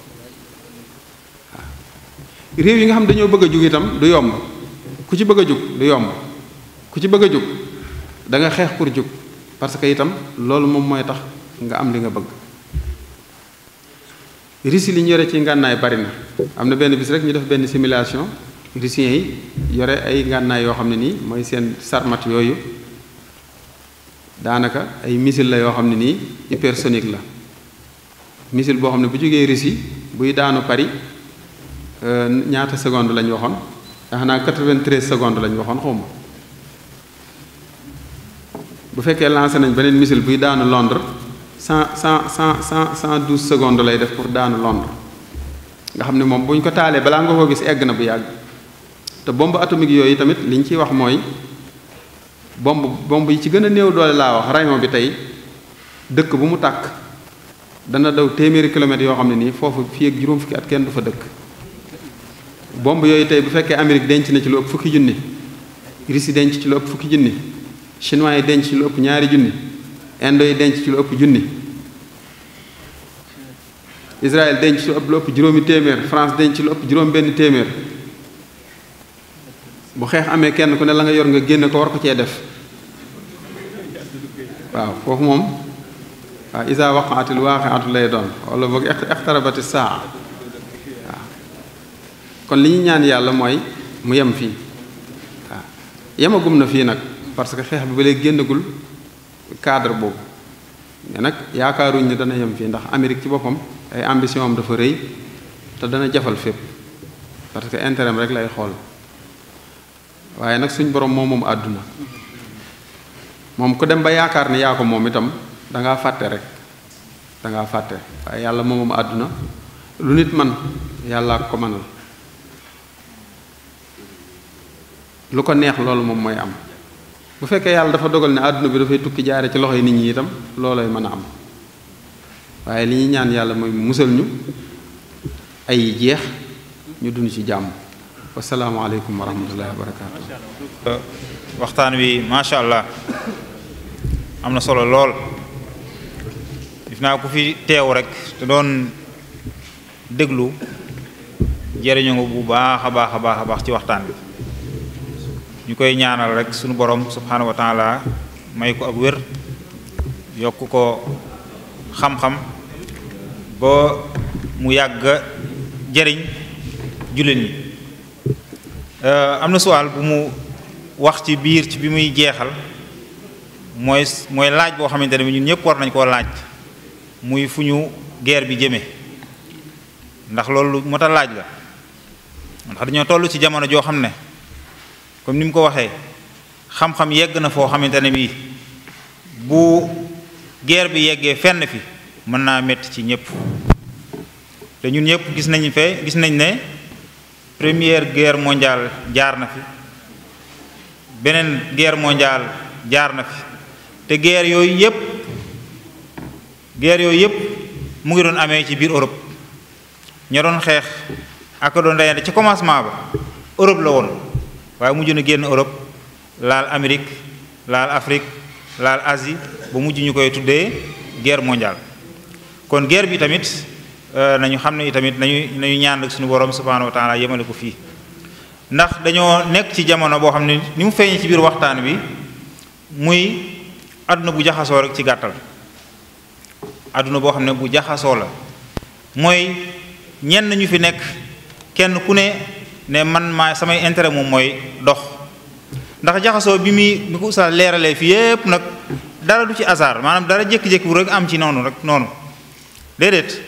réew yi nga xam dañoo bëgg a jug itam du yomb ku ci bëgg a jug du yomb ku ci bëgg a jug da nga xeex pour jug parce que itam loolu moom mooy tax nga am li nga bëgg russie li ñu yore ci ngànnaay bari na am na benn bis rek ñu def benn simulation russiens yi yore ay ngànnaay yoo xam ne nii mooy seen sarmat yooyu daanaka ay missile la yoo xam ne nii hypersonique la missile boo xam ne bu jógee russie buy daanu Paris euh, ñaata seconde lañ waxoon xanaa 93 secondes lañ waxoon xaw bu fekkee lancé nañ beneen missile buy daanu Londres cent cent cent cent cent douze secondes lay def pour daanu Londres nga xam ne moom bu ñu ko taalee balaa nga koo gis egg na bu yàgg te bomb atomique yooyu tamit li ñu ciy wax mooy bombe bombe yi ci gën a néew doole laa wax rayon bi tey dëkk bu mu tàkk dana daw téeméeri kilomètres yoo xam ne nii foofu fii ak juróom fukki at kenn du fa dëkk bomb yooyu tey bu fekkee Amérique denc na ci lu ëpp fukki junni Russie denc ci lu ëpp fukki junni chinois yi denc ci lu ëpp ñaari junni indo yi denc ci lu ëpp junni Israël denc ci lu ëpp juróomi téeméer France denc ci lu ëpp juróom benn téeméer bu xeex amee kenn ku ne la nga yor nga génn ko war ko cee def waaw foofu moom waaw isa waqaatil waaqiatu lay doon wala boog ixtarabati saa waaw kon li ñu ñaan yàlla mooy mu yem fii waaw yemagum na fii nag parce que xeex bi ba léegi génnagul cadre boobu mais nag yaakaaruñ ne dana yem fii ndax Amérique ci boppam ay ambition am dafa rëy te dana jafal fépp parce que intérêt rek lay xool waaye nag suñ borom moom moom àdduna moom ku dem ba yaakaar ne yaa ko moom itam dangaa fàtte rek dangaa fàtte waaye yàlla moom àdduna lu nit man yàlla ko mënal lu ko neex loolu moom mooy am bu fekkee yàlla dafa dogal ne àdduna bi dafay tukki jaare ci loxoy nit ñi itam loolooy mën a am waaye li ñuy ñaan yàlla mooy mu musal ñu ay jeex ñu dund ci jàmm wasalaamaaleykum wa rahmatullahi wa barakaatu euh, waxtaan wi macha allah am na solo lool def naa ko fi teew rek te doon déglu jëriñoo bu baax a baax a baax a baax ci waxtaan bi ñu koy ñaanal rek sunu borom subhanahu wa taala may ko ab wér yokk ko xam-xam ba mu yàgg jëriñ jullit ñi euh, am na suwaal bu mu wax ci biir ci bi muy jeexal mooy mooy laaj boo xamante ne bi ñun ñëpp war nañ koo laaj muy fu ñu guerre bi jëme ndax loolu moo laaj la ndax dañoo toll ci jamono joo xam ne comme ni mu ko waxee xam-xam yegg na foo xamante ne bii bu guerre bi yeggee fenn fi mën naa métti ci ñëpp te ñun ñëpp gis nañ fee gis nañ ne première guerre mondiale jaar na fi beneen guerre mondiale jaar na fi te guerre yooyu yëpp guerre yooyu yëpp mu ngi doon amee ci biir Europe ña doon xeex ak doon reyante ci commencement ba Europe la woon waaye mujj na génn Europe laal Amérique laal Afrique laal Asie ba mujj ñu koy tuddee guerre mondiale kon geer bi tamit euh, nañu xam ne tamit nañu nañu ñaan suñu borom subhaanahu wa taala yemale ko fii ndax dañoo nekk ci jamono boo xam ne ni mu feeñee ci biir waxtaan bi muy àdduna bu jaxasoo rekk ci gàttal àdduna boo xam ne bu jaxasoo la mooy ñenn ñu fi nekk kenn ku ne ne man maa samay intérêt moom mooy dox ndax jaxasoo bi muy bi ko ustaas leeralee fi yépp nag dara du ci hasard maanaam dara jékki-jékki bu rek am ci noonu rek noonu déedéet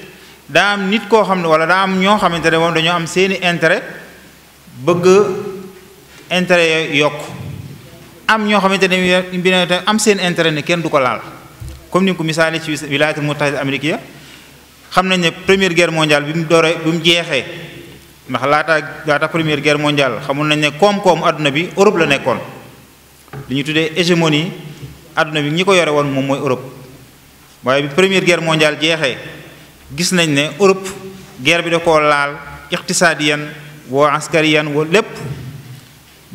daa am nit koo xam ne wala daa am ñoo xamante ne moom dañoo am seeni intérêt bëgg intérêt yokk am ñoo xamante ne bi ne am seen intérêt ne kenn du ko laal comme ni nga ko misaale ci wilaayatul mutahida amérique ya xam nañ ne première guerre mondiale bi mu dooree bi mu jeexee ndax laata laata première guerre mondiale xamul nañ ne koom-koom àdduna bi Europe la nekkoon li ñu tuddee hégémonie àdduna bi ñi ko yore woon moom mooy Europe waaye bi première guerre mondiale jeexee gis nañ ne Europe guerre bi da koo laal iqtisaadiyan wa askariyan wa lépp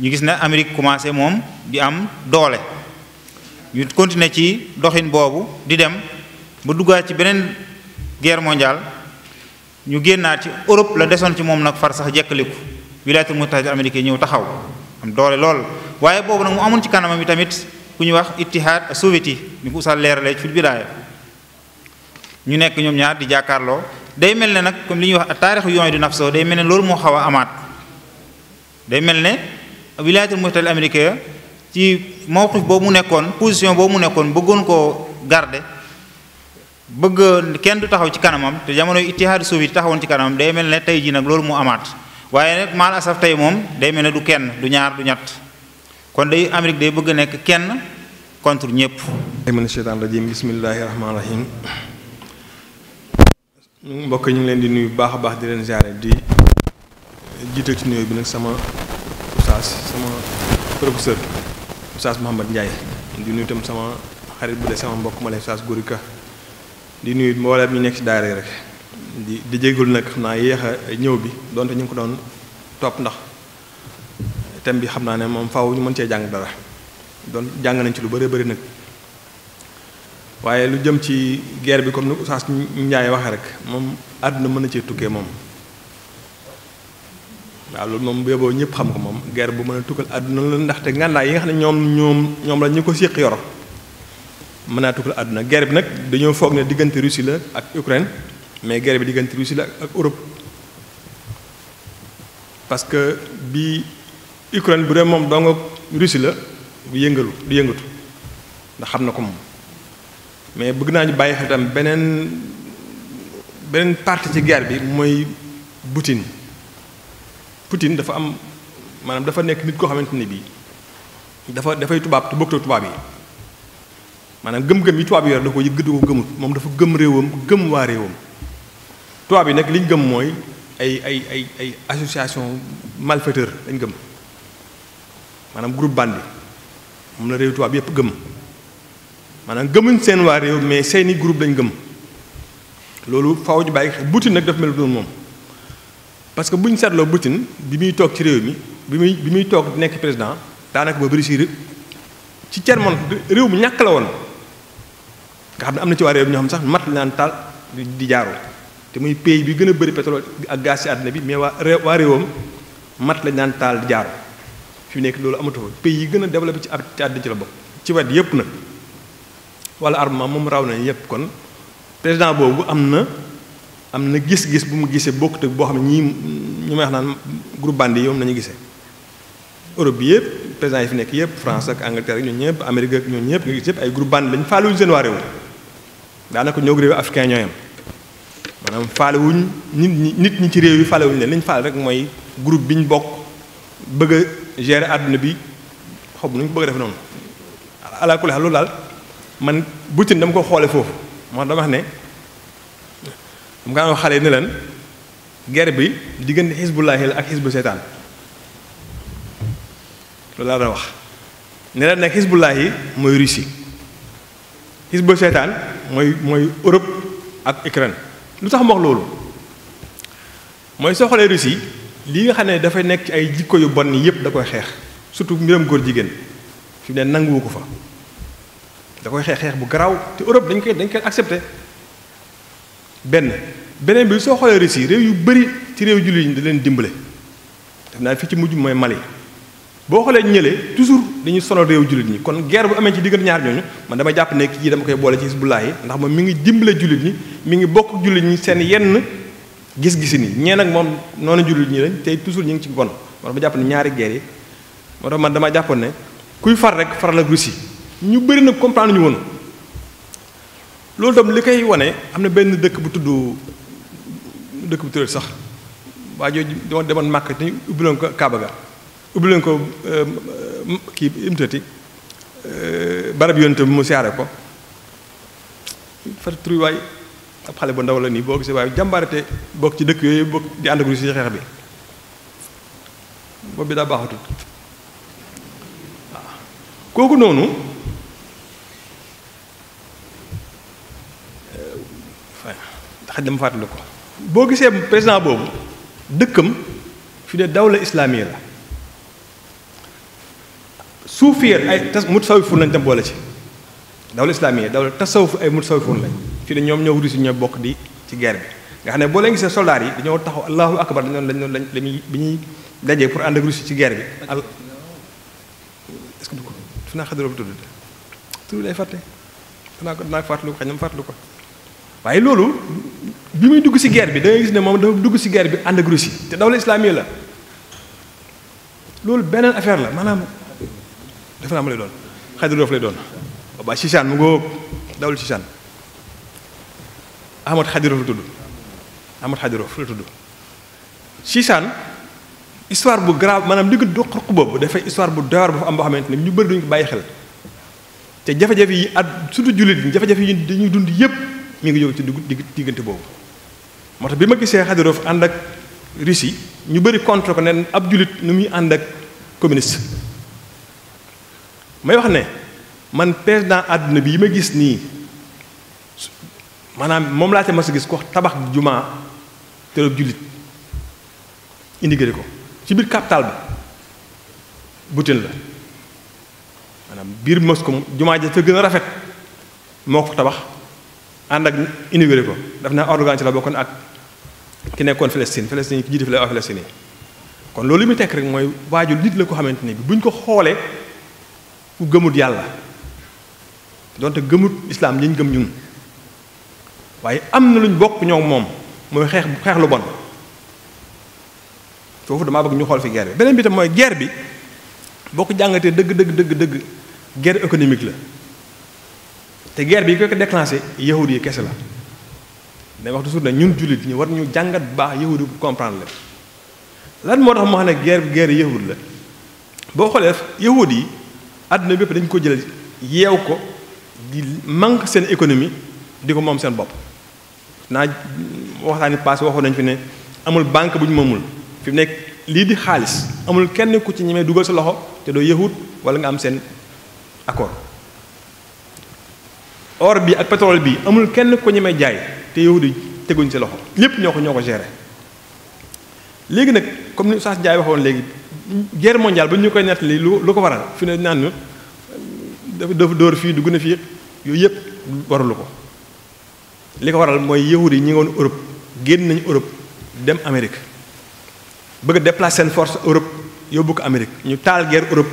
ñu gis ne Amérique commencé moom di am doole ñu continuer ci doxin boobu di dem ba duggaat ci beneen guerre mondiale ñu génnaat ci Europe la desoon ci moom nag far sax jekkaliku wilaayatul mutahida amérique ñëw taxaw am doole lool waaye boobu nag mu amoon ci kanamam yi tamit ku ñu wax ittihaad soviet yi ni ko usal leerale ci bidaaya ñu nekk ñoom ñaar di jàkkaarloo day mel ne nag comme li ñuy wax taarixu yoon di nafso day mel ne loolu moo xaw a amaat day mel ne wilaayatul mutahida amérique ci mawqif boobu mu nekkoon position boobu mu nekkoon bëggoon koo garde bëgg kenn du taxaw ci kanamam te jamono ittihaad suufi di taxawoon ci kanamam day mel ne tey jii nag loolu mu amaat waaye nag maal asaf tey moom day mel ne du kenn du ñaar du ñett kon day Amérique day bëgg nekk kenn contre ñëpp. mina sheytaan rajim bismillaahi rahmaani rahim mbokk ñu ngi leen di nuyu bu baax a baax di leen ziare di jiital ci nuyoo bi nag sama oustaz sama professeur oustaz Mouhamed Ndiaye di nuyu itam sama xarit bu dee sama mbokk ma lay oustaz Gorika di nuyu mboolem ñu nekk ci daara rek di di jégul nag xam naa yéex a ñëw bi donte ñu ngi ko doon topp ndax tem bi xam naa ne moom faaw ñu mën cee jàng dara doon jàng nañ ci lu bëri bëri nag waaye lu jëm ci guerre bi comme ni Oustaz njaay waxee rek moom àdduna mën na cee tukkee moom waaw loolu moom yóbboo ñëpp xam ko moom guerre bu mën a tukkal àdduna la ndaxte ngàndaay yi nga xam ne ñoom ñoom ñoom la ñu ko séq yoro mën naa tukkal àdduna guerre bi nag dañoo foog ne diggante Russie la ak Ukraine mais guerre bi diggante Russie la ak Europe parce que bi Ukraine bu dee moom doo nga Russie la bu yëngalu du yëngatu ndax xam na ko moom mais bëgg naa ñu bàyyi xel tam beneen beneen partie ci guerre bi mooy Poutine Poutine dafa am maanaam dafa nekk nit koo xamante ni bii dafa dafay tubaab te tubaab yi maanaam gëm-gëm yi tubaab yi yor da ko yëg da ko gëmut moom dafa gëm réewam gëm waa réewam tubaab yi nag li gëm mooy ay ay ay ay association malfaiteur lañ gëm maanaam groupe bandi moom la réew tubaab yëpp gëm maanaam gëmuñ seen waa réew mais seeni groupe lañ gëm loolu faaw ñu bàyyi xel Poutine nag daf mel noonu moom parce que bu ñu seetloo Poutine bi muy toog ci réew mi bi muy bi muy toog nekk président daanaka ba bëri si ci cermon réew mu ñàkk la woon nga xam ne am na ci waa réew ñoo xam sax mat naan taal di jaaroo te muy pays bi gën a bëri pétrole ak gaz ci àddina bi mais waa réew waa réewam mat lañ naan taal di jaaroo fi nekk loolu amatu fa yi gën a développé ci ci àddina ci la bokk ci wet yépp nag wala armement moom raw nañ yépp kon président boobu am na am na gis-gis bu mu gisee bokkut ak boo xam ne ñii ñu may wax naan groupe bandi yi moom nañu gisee Europe bi yëpp président yi fi nekk yëpp France ñëpp Amérique ak ñun ñëpp nga gis daanaka ñoo réew africain ñooyam maanaam faalewuñ nit ñi nit ñi ci réew yi faalewuñ leen li ñu faale rek mooy groupe bi ñu bokk bëgg ger àdduna bi xob nu ñu bëgg a def noonu ala kulli loolu daal man butin dama ko xoole foofu moo dama wax ne dama kaa xale ne leen guerre bi diggante xisbullaahi la ak xisbu seetaan loolu laa doon wax ne leen nag xisbullaahi mooy Russie Hizbut seetaan mooy mooy Europe ak Ukraine lu tax ma wax loolu mooy soo xoolee Russie li nga xam ne dafay nekk ay jikko yu bon nii yëpp da koy xeex surtout mbiram góor jigéen fi mu ne nanguwu ko fa da koy xeex xeex bu garaaw te Europe dañ koy dañ koy accepté benn beneen bi soo xoolee Russie réew yu bëri ci réew jullit yi da leen dimbale def naa fi ci mujj mooy Mali. boo xoolee ñële toujours dañuy sonal réew jullit ñi kon geer bu amee ci diggante ñaari ñooñu man dama jàpp ne kii dama koy boole ci Hizbullah yi ndax moom mi ngi dimbale jullit ñi mi ngi bokk jullit ñi seen yenn gis-gisi ni ñeen ak moom noonu jullit ñi lañ tey toujours ñu ngi ci bon moo tax ma jàpp ne ñaari man dama jàppoon ne kuy far rek faral ak Russie ñu bëri nag comprendre ñu woon loolu tam li koy wane am na benn dëkk bu tudd dëkk bu tudd sax waa jooju dama demoon màkk te ubbiloon ko ubbi ko euh, kii imtati euh, barab yonte bi mu siyaare ko far turu waay ab xale bu ndaw la nii boo gisee waaye jàmbaarate bokk ci dëkk yooyu bokk di ànd ak si xeex bi boobu bi daa baaxatul kooku noonu euh, xaj dama fàttali ko boo gisee président boobu dëkkam fi de dawla islaamiya la suufiyeen ay tas mutasawwifuun lañ tam boole ci dawla islaamiya dawla tasawuf ay mutasawwifuun lañ fii ne ñoom ñoo rusi ñoo bokk di ci guerre bi nga xam ne boo leen gisee soldats yi dañoo taxaw allahu akbar dañoon lañ noon lañ lañuy bi ñuy dajee pour ànd ci guerre al est-ce que lay fàtte danaa ko danaa fàttaliku xëy na ko waaye loolu bi muy dugg ci guerre bi da gis ne moom dafa dugg ci guerre bi ànd ak Russie te dawla islaamiya la loolu beneen affaire la maanaam defe naa ma lay doon xaddi lay doon waaw oh, Sisaan mu ngoog dawul Sisaan Ahmad Xadirof la tudd Ahmad Xadirof la tudd Sisaan histoire bu grave maanaam digg doq ruq boobu dafay histoire bu doy waar bu am boo xamante ne ñu bëri duñ ko bàyyi xel te jafe-jafe yi at surtout jullit yi jafe-jafe yi dañuy dund yépp mi ngi ñëw ci digg diggante boobu. moo tax bi ma gisee Xadirof ànd ak Russie ñu bëri contre ko nen ab jullit nu muy ànd ak communiste. may wax ne man président àdduna bi yi ma gis nii maanaam moom laa te mas a gis ko tabax jumaa te loolu jullit intégré ko ci biir capital bi Butin la maanaam biir mas ko jumaa ja te gën a rafet moo ko fa tabax ànd ak intégré ko daf naa Erdogan ci la bokkoon at ki nekkoon Palestine Palestine ki jiite fi la waa Palestine kon loolu li muy tekk rek mooy waajul nit la ko xamante ni bi buñ ko xoolee ku gëmut yàlla donte gëmut islaam liñ gëm ñun waaye am na luñ bokk ñoo moom mooy xeex xeex lu bon foofu damaa bëgg ñu xool fi guerre bi beneen bi tam mooy guerre bi boo ko jàngatee dëgg dëgg dëgg dëgg guerre économique la te guerre bi yi koy ko déclenché yahud yi kese la day wax toujours ne ñun jullit ñu war ñu jàngat bu baax yahud yi comprendre leen lan moo tax moo xam ne guerre bi guerre yahud la boo xoolee yahud yi àdduna bépp dañ ko jël yeew ko di manque seen économie di ko moom seen bopp naa waxtaan yi passé waxoon nañ fi ne amul banque bu ñu moomul fi mu nekk lii di xaalis amul kenn ku ci ñemee dugal sa loxo te doo yëhut wala nga am seen accord or bi ak pétrole bi amul kenn ko ñemee jaay te yëhut yi teguñ sa loxo lépp ñoo ko ñoo ko gérer léegi nag comme ni Oustaz jaay waxoon léegi guerre mondiale ba ñu koy nettali lu lu ko waral fi ne naan dafa dafa dóor fii du gune fii yooyu yëpp waralu ko li ko waral mooy yahudi yi ñi ngi woon Europe génn nañu Europe dem Amérique bëgg a seen force Europe yóbbu ko Amérique ñu taal guerre Europe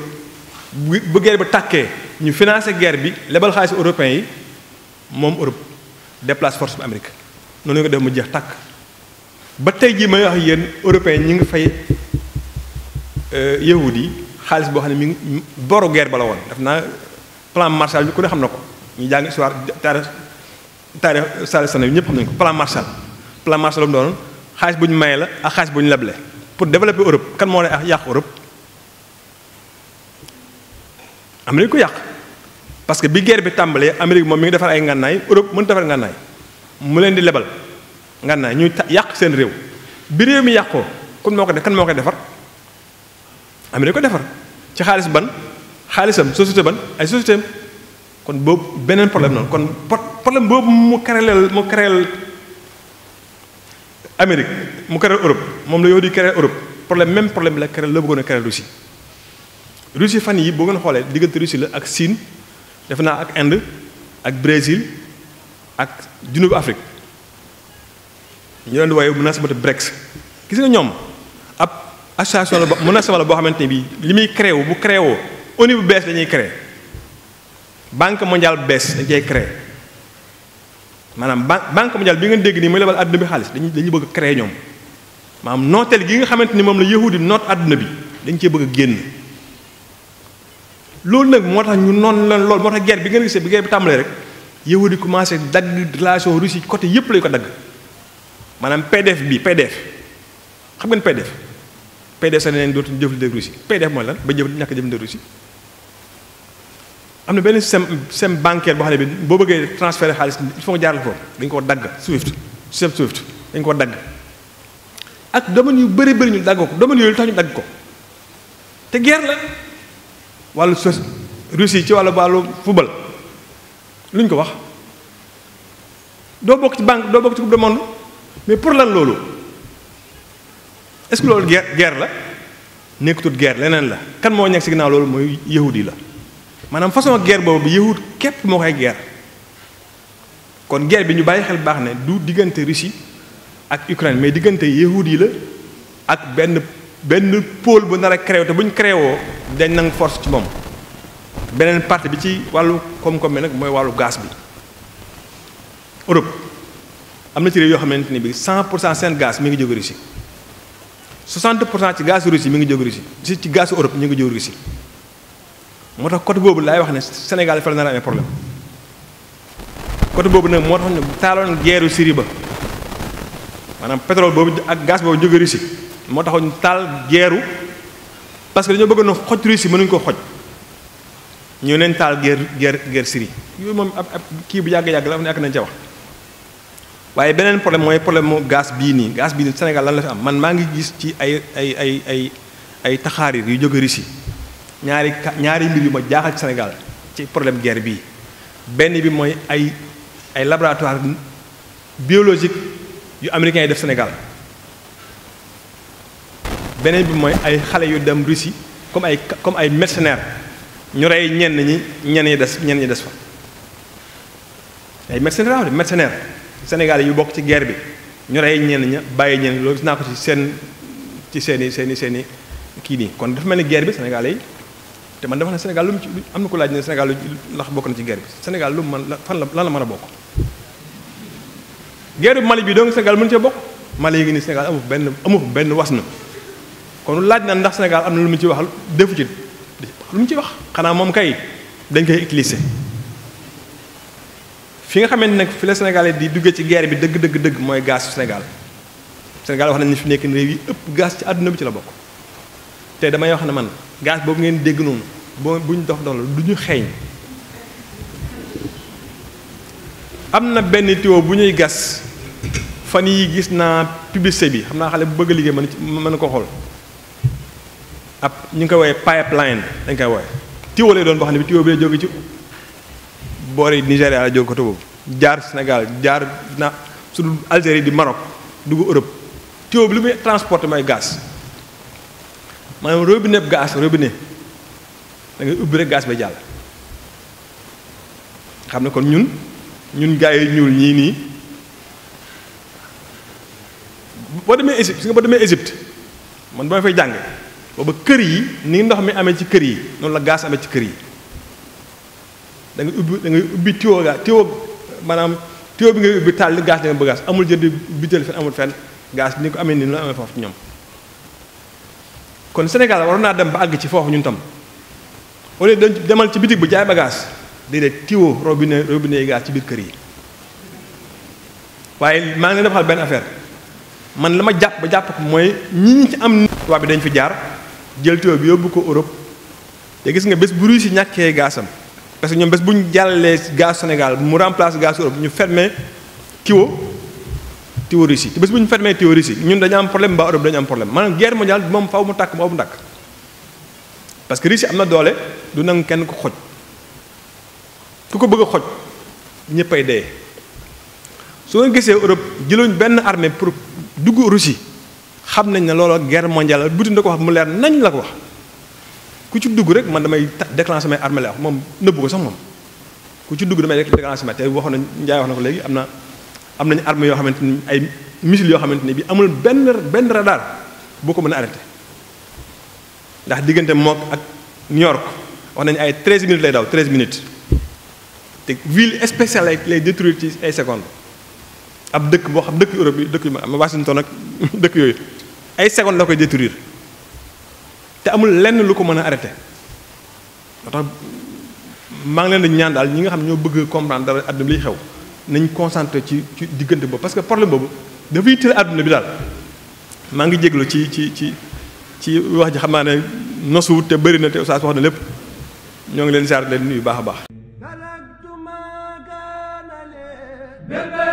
bu bu guerre bi tàkkee ñu financé guerre bi lebal xaalis européens yi moom Europe déplace force bu Amérique noonu la ko def mu jeex tàkk ba tey jii may wax yéen européens ñu ngi fay. Euh, yahud yi xaalis boo xam ne mi ngi boru guerre ba la woon def naa plan Marshall bi ku ne xam na ko ñu jàng histoire taarix taarix salisana yi ñëpp xam nañu ko plan Marshall plan Marshall mu doon xaalis bu ñu may la ak xaalis bu ñu leble pour développer Europe kan moo ne ah yàq Europe Amérique ko yàq parce que bi geer bi tàmbalee Amérique moom mi ngi defar ay ngànnaay Europe mënut defar ngànnaay mu leen di lebal ngànnaay ñuy yàq seen réew bi réew mi yàqoo kon moo ko def moo koy defar am na ko defar ci xaalis ban xaalisam société ban ay société kon boobu beneen problème noonu kon problème boobu mu créel mu créel Amérique mu créel Europe moom la yow di créel Europe problème même problème bi la créel la bëggoon a créel Russie Russie fan yi boo gën xoolee diggante Russie la ak siin def naa ak Inde ak Brésil ak Junub Afrique ñu leen di waaye bu naa si BRICS gis nga ñoom association la boo munasaba la boo xamante ne bi li muy créé bu créé woo au bu bees dañuy créé banque mondiale bees dañ koy créé maanaam banque mondiale bi nga dégg ni muy lebal àdduna bi xaalis dañuy dañuy bëgg a créé ñoom maanaam nooteel gi nga xamante ni moom la yahudi noot àdduna bi dañ cee bëgg a génn loolu nag moo tax ñu noon la loolu moo tax guerre bi nga gisee bi guerre bi tàmbalee rek yahudi commencé dagg relation Russie côté yëpp lay ko dagg maanaam PDF bi PDF xam ngeen PDF. PDS ne leen dootuñu jëfandikoo ak Russie PDS mooy lan ba jëf ñàkk a jëfandikoo Russie am na benn sem système bancaire boo xam ne bi boo bëggee transférer xaalis il faut nga jaarale foofu dañ koo dagg Swift système Swift dañ koo dagg ak domaine yu bëri bëri ñu dagg ko domaine yooyu tax ñu dagg ko te guerre la wàllu sos Russie ci wàllu wàllu football luñ ko wax doo bokk ci banque doo bokk ci coupe du monde mais pour lan loolu est-ce que loolu guerre guerre la nekkutut guerre leneen la kan moo nekk si ginnaaw loolu mooy yahud yi la maanaam façon guerre boobu bi yahud képp moo koy guerre kon guerre bi ñu bàyyi xel baax ne du diggante Russie ak Ukraine mais diggante yahud yi la ak benn benn pôle bu nar a créé te bu ñu woo dañ nang force ci moom beneen partie bi ci wàllu koom-koom bi nag mooy wàllu gaz bi Europe am na ci yoo xamante ni bi 100 pour cent seen gaz mi ngi jóge Russie 60 pour cent ci gaz Russie mi ngi jóg Russie si ci gaz Europe ñu ngi jóg Russie moo tax côté boobu laay wax ne Sénégal fa a amee problème côté boobu nag moo tax ñu taaloon guerre Syrie ba maanaam pétrole boobu ak gaz boobu jóge Russie moo tax taal guerre parce que dañoo bëggoon a xoj Russie mënuñ ko xoj ñu neen taal guerre guerre guerre Syrie yooyu moom ab ab kii bu yàgg-yàgg la ne ak nañ ca wax. waaye beneen problème mooy problème mu gaz bii nii gaz bii nii Sénégal lan la fi am man maa ngi gis ci ay ay ay ay ay taxaarir yu jóge Russie ñaari ka ñaari mbir yu ma jaaxal ci Sénégal ci problème guerre bii benn bi mooy ay ay laboratoire biologique yu américains yi def Sénégal beneen bi mooy ay xale yu dem Russie comme ay comme ay mercenaires ñu rey ñenn ñi ñenn ñi des ñenn ñi des fa ay mercenaires de mercenaires Sénégal yu bokk ci guerre bi ñu rey ñenn ña bàyyi ñenn loolu gis naa ko ci seen ci seen i seeni i seen i kii nii kon dafa mel ni guerre bi Sénégal yi te man dafa ne Sénégal lu mu ci am na ko laaj ne Sénégal ndax bokk ci guerre bi Sénégal lu mu man la lan la mën a bokk bi Mali bi donc Sénégal mënu cee bokk Mali yi ngi ni Sénégal amu benn amu benn was na kon laaj na ndax Sénégal am na lu mu ci wax defu ci lu mu ci wax xanaa moom kay dañ koy utiliser fi nga xamante nag fi la Sénégal di duggee ci guerre bi dëgg dëgg dëgg mooy gaz su Sénégal Sénégal wax na ni fi nekk réew yi ëpp gaz ci àdduna bi ci la bokk te damay wax ne man gaz boobu ngeen dégg noonu boo buñ dox dox du ñu xeeñ am na benn tuyau bu ñuy gas fan yi gis naa publicité bi xam naa xale bu bëgg a liggéey mën mën ko xool ab ñu ngi koy woowee pipeline dañ koy woowee tuyau lee doon boo xam ne bi tuyau bi lay jóge ci boori Nigéria la jóg côté boobu jaar Sénégal jaar na su dul di Maroc dugg Europe tuyau bi li muy transporté mooy gaz maanaam robinet gaz robinet da ngay ubbi rek gaz ba jàll. xam ne kon ñun ñun gars yi ñuul ñii nii boo demee Égypte si nga boo demee Égypte man ba ma fay jàng booba kër yi ni ndox mi amee ci kër yi noonu la gaz amee ci kër yi. da ngay ubbi da ngay ubbi tiwo ga tiwo maanaam tiwo bi ngay ubbi taal gaas gaz da nga jël gaz amul jënd fen amul fenn gaz ni ko amee ni nu amee foofu ci ñoom naa dem ba àgg ci foofu ñun tam au lieu demal ci bitig bu jaay bagage déedéet tiwo robinet robinet yi gaz ci biir kër yi waaye maa ngi def defal benn affaire man la ma jàpp ba jàpp mooy mooy ñi ci am tubaab bi dañ fi jaar jël tiwo bi yóbbu ko Europe te gis nga bés bu si ñàkkee gaasam parce que ñoom bés bu ñu jàllalee gaz Sénégal mu remplace gaz Europe ñu fermer kiwo tiwo Russie te bés bu ñu ferme tiwo Russie ñun dañu am problème mbaa Europe dañu am problème maanaam guerre mondiale moom faaw mu tàkk mu tàkk parce que Russie am na doole du nangu kenn ko xoj ku ko bëgg a xoj ñëppay dee su nga gisee Europe jëluñ benn armée pour dugg Russie xam nañ ne loolu guerre mondiale Poutine da ko wax mu leer nañ la ko wax. ku ci dugg rek man damay déclenché may armée la wax moom nëbbu ko sax moom ku ci dugg damay rek déclenché may te waxoon na Ndiaye wax na ko léegi am na am nañu armée yoo xamante ni ay missiles yoo xamante ni bi amul benn benn radar boo ko mën a arrêté ndax diggante mook ak New York wax nañu ay 13 minutes lay daw 13 minutes te ville spéciale lay lay détruire ci ay secondes ab dëkk boo xam dëkk Europe yi dëkk yu ma am Washington ak dëkk yooyu ay secondes la koy détruire. te amul lenn lu ko mën a arrêté moo tax maa ngi leen di ñaan daal ñi nga xam ñoo bëgg comprendre dara àdduna liy xew nañ concentré ci ci diggante boobu parce que problème boobu dafay tël àdduna bi daal maa ngi jéglu ci ci ci ci wax ji xam naa ne nosuwut te bëri na te Oustaz wax na lépp ñoo ngi leen siyaar leen yu baax a baax